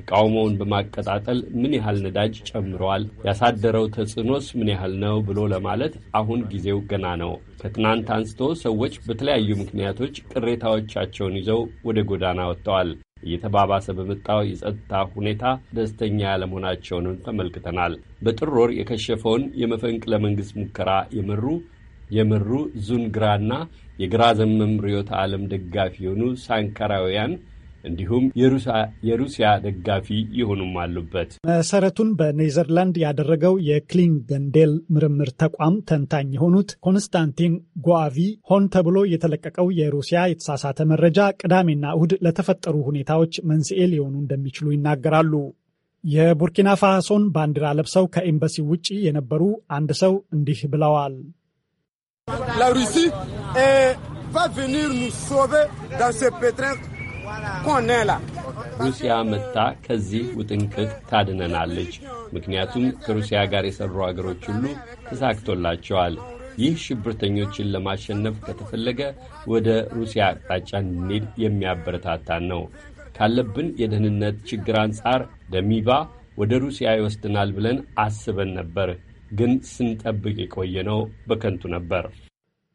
ተቃውሞውን በማቀጣጠል ምን ያህል ነዳጅ ጨምረዋል፣ ያሳደረው ተጽዕኖስ ምን ያህል ነው ብሎ ለማለት አሁን ጊዜው ገና ነው። ከትናንት አንስቶ ሰዎች በተለያዩ ምክንያቶች ቅሬታዎቻቸውን ይዘው ወደ ጎዳና ወጥተዋል። እየተባባሰ በመጣው የጸጥታ ሁኔታ ደስተኛ ያለመሆናቸውንም ተመልክተናል። በጥር ወር የከሸፈውን የመፈንቅለ መንግሥት ሙከራ የመሩ የምሩ ዙንግራና የግራ ዘመም ርዕዮተ ዓለም ደጋፊ የሆኑ ሳንካራውያን እንዲሁም የሩሲያ ደጋፊ የሆኑም አሉበት። መሰረቱን በኔዘርላንድ ያደረገው የክሊንገንዴል ምርምር ተቋም ተንታኝ የሆኑት ኮንስታንቲን ጓቪ ሆን ተብሎ የተለቀቀው የሩሲያ የተሳሳተ መረጃ ቅዳሜና እሁድ ለተፈጠሩ ሁኔታዎች መንስኤ ሊሆኑ እንደሚችሉ ይናገራሉ። የቡርኪና ፋሶን ባንዲራ ለብሰው ከኤምባሲ ውጭ የነበሩ አንድ ሰው እንዲህ ብለዋል። ላ ቫ ቬኒር ኑ ሶቬ ዳን ሴ ሩሲያ መጥታ ከዚህ ውጥንቅት ታድነናለች። ምክንያቱም ከሩሲያ ጋር የሰሩ አገሮች ሁሉ ተሳክቶላቸዋል። ይህ ሽብርተኞችን ለማሸነፍ ከተፈለገ ወደ ሩሲያ አቅጣጫ እንድንሄድ የሚያበረታታን ነው። ካለብን የደህንነት ችግር አንጻር ደሚባ ወደ ሩሲያ ይወስድናል ብለን አስበን ነበር፣ ግን ስንጠብቅ የቆየ ነው በከንቱ ነበር።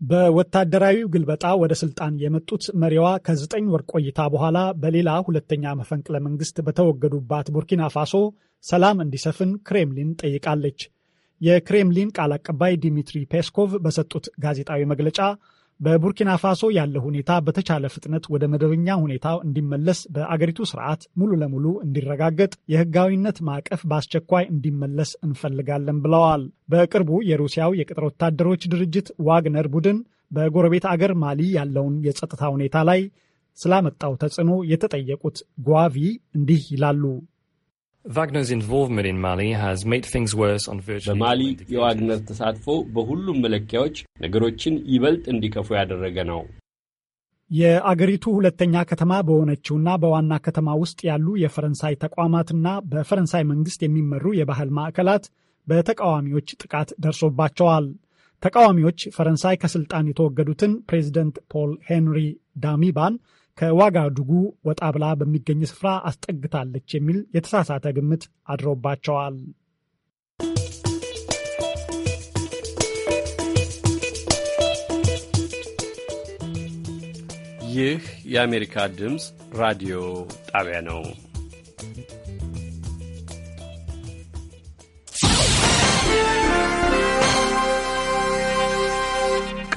በወታደራዊ ግልበጣ ወደ ስልጣን የመጡት መሪዋ ከዘጠኝ ወር ቆይታ በኋላ በሌላ ሁለተኛ መፈንቅለ መንግስት በተወገዱባት ቡርኪና ፋሶ ሰላም እንዲሰፍን ክሬምሊን ጠይቃለች። የክሬምሊን ቃል አቀባይ ዲሚትሪ ፔስኮቭ በሰጡት ጋዜጣዊ መግለጫ በቡርኪና ፋሶ ያለ ሁኔታ በተቻለ ፍጥነት ወደ መደበኛ ሁኔታ እንዲመለስ በአገሪቱ ስርዓት ሙሉ ለሙሉ እንዲረጋገጥ የህጋዊነት ማዕቀፍ በአስቸኳይ እንዲመለስ እንፈልጋለን ብለዋል። በቅርቡ የሩሲያው የቅጥር ወታደሮች ድርጅት ዋግነር ቡድን በጎረቤት አገር ማሊ ያለውን የጸጥታ ሁኔታ ላይ ስላመጣው ተጽዕኖ የተጠየቁት ጓቪ እንዲህ ይላሉ። በማሊ የዋግነር ተሳትፎ በሁሉም መለኪያዎች ነገሮችን ይበልጥ እንዲከፉ ያደረገ ነው። የአገሪቱ ሁለተኛ ከተማ በሆነችውና በዋና ከተማ ውስጥ ያሉ የፈረንሳይ ተቋማትና በፈረንሳይ መንግስት የሚመሩ የባህል ማዕከላት በተቃዋሚዎች ጥቃት ደርሶባቸዋል። ተቃዋሚዎች ፈረንሳይ ከስልጣን የተወገዱትን ፕሬዚደንት ፖል ሄንሪ ዳሚባን ከዋጋዱጉ ወጣ ብላ በሚገኝ ስፍራ አስጠግታለች የሚል የተሳሳተ ግምት አድሮባቸዋል። ይህ የአሜሪካ ድምፅ ራዲዮ ጣቢያ ነው።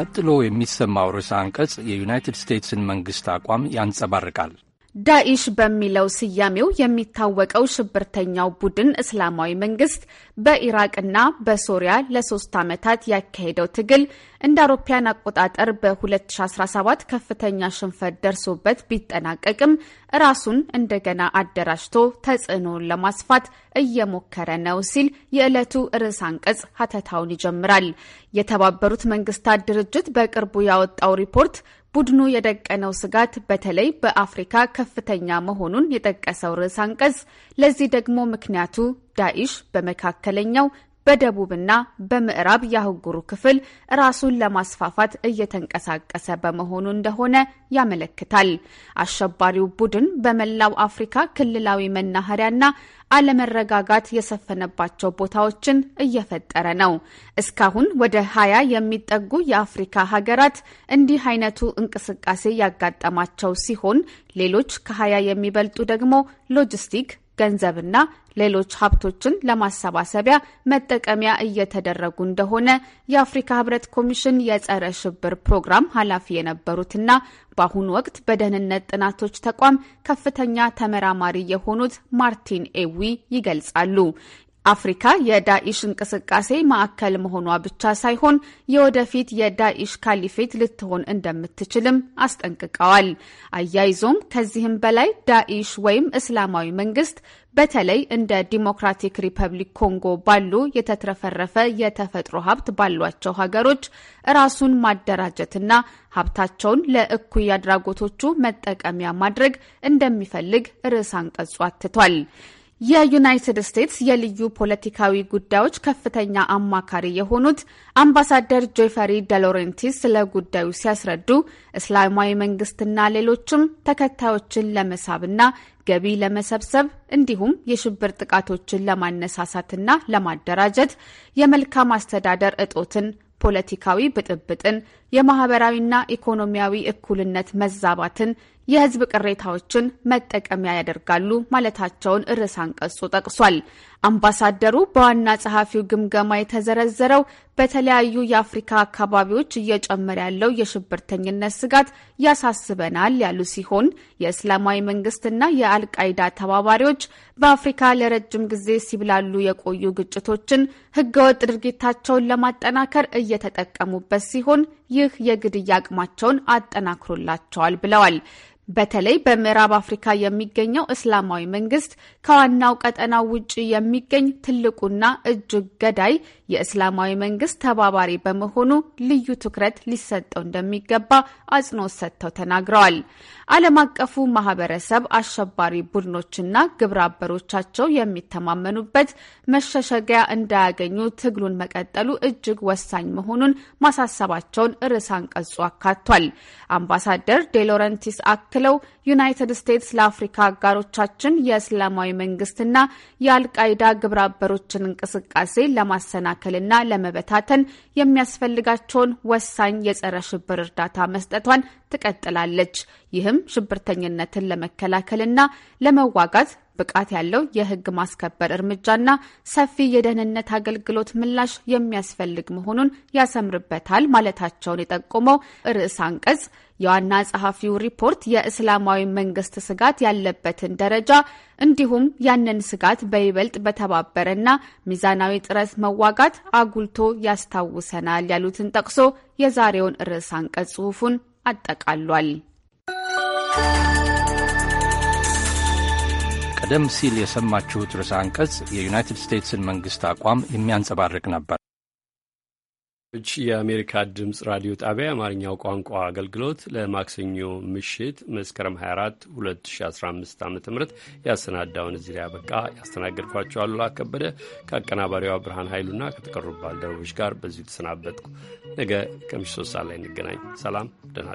ቀጥሎ የሚሰማው ርዕሰ አንቀጽ የዩናይትድ ስቴትስን መንግሥት አቋም ያንጸባርቃል። ዳኢሽ በሚለው ስያሜው የሚታወቀው ሽብርተኛው ቡድን እስላማዊ መንግስት በኢራቅና በሶሪያ ለሶስት ዓመታት ያካሄደው ትግል እንደ አውሮፓያን አቆጣጠር በ2017 ከፍተኛ ሽንፈት ደርሶበት ቢጠናቀቅም ራሱን እንደገና አደራጅቶ ተጽዕኖውን ለማስፋት እየሞከረ ነው ሲል የዕለቱ ርዕስ አንቀጽ ሀተታውን ይጀምራል። የተባበሩት መንግስታት ድርጅት በቅርቡ ያወጣው ሪፖርት ቡድኑ የደቀነው ስጋት በተለይ በአፍሪካ ከፍተኛ መሆኑን የጠቀሰው ርዕስ አንቀጽ ለዚህ ደግሞ ምክንያቱ ዳኢሽ በመካከለኛው በደቡብና በምዕራብ የአህጉሩ ክፍል ራሱን ለማስፋፋት እየተንቀሳቀሰ በመሆኑ እንደሆነ ያመለክታል። አሸባሪው ቡድን በመላው አፍሪካ ክልላዊ መናኸሪያና አለመረጋጋት የሰፈነባቸው ቦታዎችን እየፈጠረ ነው። እስካሁን ወደ ሀያ የሚጠጉ የአፍሪካ ሀገራት እንዲህ አይነቱ እንቅስቃሴ ያጋጠማቸው ሲሆን ሌሎች ከሀያ የሚበልጡ ደግሞ ሎጂስቲክ ገንዘብና ሌሎች ሀብቶችን ለማሰባሰቢያ መጠቀሚያ እየተደረጉ እንደሆነ የአፍሪካ ህብረት ኮሚሽን የጸረ ሽብር ፕሮግራም ኃላፊ የነበሩትና በአሁኑ ወቅት በደህንነት ጥናቶች ተቋም ከፍተኛ ተመራማሪ የሆኑት ማርቲን ኤዊ ይገልጻሉ። አፍሪካ የዳኢሽ እንቅስቃሴ ማዕከል መሆኗ ብቻ ሳይሆን የወደፊት የዳኢሽ ካሊፌት ልትሆን እንደምትችልም አስጠንቅቀዋል። አያይዞም ከዚህም በላይ ዳኢሽ ወይም እስላማዊ መንግስት በተለይ እንደ ዲሞክራቲክ ሪፐብሊክ ኮንጎ ባሉ የተትረፈረፈ የተፈጥሮ ሀብት ባሏቸው ሀገሮች ራሱን ማደራጀትና ሀብታቸውን ለእኩይ አድራጎቶቹ መጠቀሚያ ማድረግ እንደሚፈልግ ርዕስ አንቀጹ አትቷል። የዩናይትድ ስቴትስ የልዩ ፖለቲካዊ ጉዳዮች ከፍተኛ አማካሪ የሆኑት አምባሳደር ጄፈሪ ደሎሬንቲስ ስለ ጉዳዩ ሲያስረዱ እስላማዊ መንግስትና ሌሎችም ተከታዮችን ለመሳብና ገቢ ለመሰብሰብ እንዲሁም የሽብር ጥቃቶችን ለማነሳሳትና ለማደራጀት የመልካም አስተዳደር እጦትን ፖለቲካዊ ብጥብጥን፣ የማህበራዊና ኢኮኖሚያዊ እኩልነት መዛባትን፣ የህዝብ ቅሬታዎችን መጠቀሚያ ያደርጋሉ ማለታቸውን ርዕስ አንቀጹ ጠቅሷል። አምባሳደሩ በዋና ጸሐፊው ግምገማ የተዘረዘረው በተለያዩ የአፍሪካ አካባቢዎች እየጨመረ ያለው የሽብርተኝነት ስጋት ያሳስበናል ያሉ ሲሆን የእስላማዊ መንግስትና የአልቃይዳ ተባባሪዎች በአፍሪካ ለረጅም ጊዜ ሲብላሉ የቆዩ ግጭቶችን ህገወጥ ድርጊታቸውን ለማጠናከር እየተጠቀሙበት ሲሆን ይህ የግድያ አቅማቸውን አጠናክሮላቸዋል ብለዋል። በተለይ በምዕራብ አፍሪካ የሚገኘው እስላማዊ መንግስት ከዋናው ቀጠናው ውጭ የሚገኝ ትልቁና እጅግ ገዳይ የእስላማዊ መንግስት ተባባሪ በመሆኑ ልዩ ትኩረት ሊሰጠው እንደሚገባ አጽንኦት ሰጥተው ተናግረዋል። ዓለም አቀፉ ማህበረሰብ አሸባሪ ቡድኖችና ግብረ አበሮቻቸው የሚተማመኑበት መሸሸጊያ እንዳያገኙ ትግሉን መቀጠሉ እጅግ ወሳኝ መሆኑን ማሳሰባቸውን ርዕስ አንቀጹ አካቷል። አምባሳደር ዴሎረንቲስ አክ አስከትለው ዩናይትድ ስቴትስ ለአፍሪካ አጋሮቻችን የእስላማዊ መንግስትና የአልቃይዳ ግብረ አበሮችን እንቅስቃሴ ለማሰናከልና ለመበታተን የሚያስፈልጋቸውን ወሳኝ የጸረ ሽብር እርዳታ መስጠቷን ትቀጥላለች። ይህም ሽብርተኝነትን ለመከላከልና ለመዋጋት ብቃት ያለው የህግ ማስከበር እርምጃና ሰፊ የደህንነት አገልግሎት ምላሽ የሚያስፈልግ መሆኑን ያሰምርበታል ማለታቸውን የጠቆመው ርዕስ አንቀጽ የዋና ጸሐፊው ሪፖርት የእስላማዊ መንግስት ስጋት ያለበትን ደረጃ እንዲሁም ያንን ስጋት በይበልጥ በተባበረና ሚዛናዊ ጥረት መዋጋት አጉልቶ ያስታውሰናል ያሉትን ጠቅሶ የዛሬውን ርዕስ አንቀጽ ጽሑፉን አጠቃሏል። ቀደም ሲል የሰማችሁት ርዕሰ አንቀጽ የዩናይትድ ስቴትስን መንግሥት አቋም የሚያንጸባርቅ ነበር። የአሜሪካ ድምፅ ራዲዮ ጣቢያ የአማርኛው ቋንቋ አገልግሎት ለማክሰኞ ምሽት መስከረም 24 2015 ዓ ም ያሰናዳውን እዚህ ላይ አበቃ። ያስተናገድኳቸው አሉላ ከበደ ከአቀናባሪዋ ብርሃን ኃይሉና ከተቀሩ ባልደረቦች ጋር በዚሁ ተሰናበትኩ። ነገ ከምሽት ሶስት ሰዓት ላይ እንገናኝ። ሰላም ደህና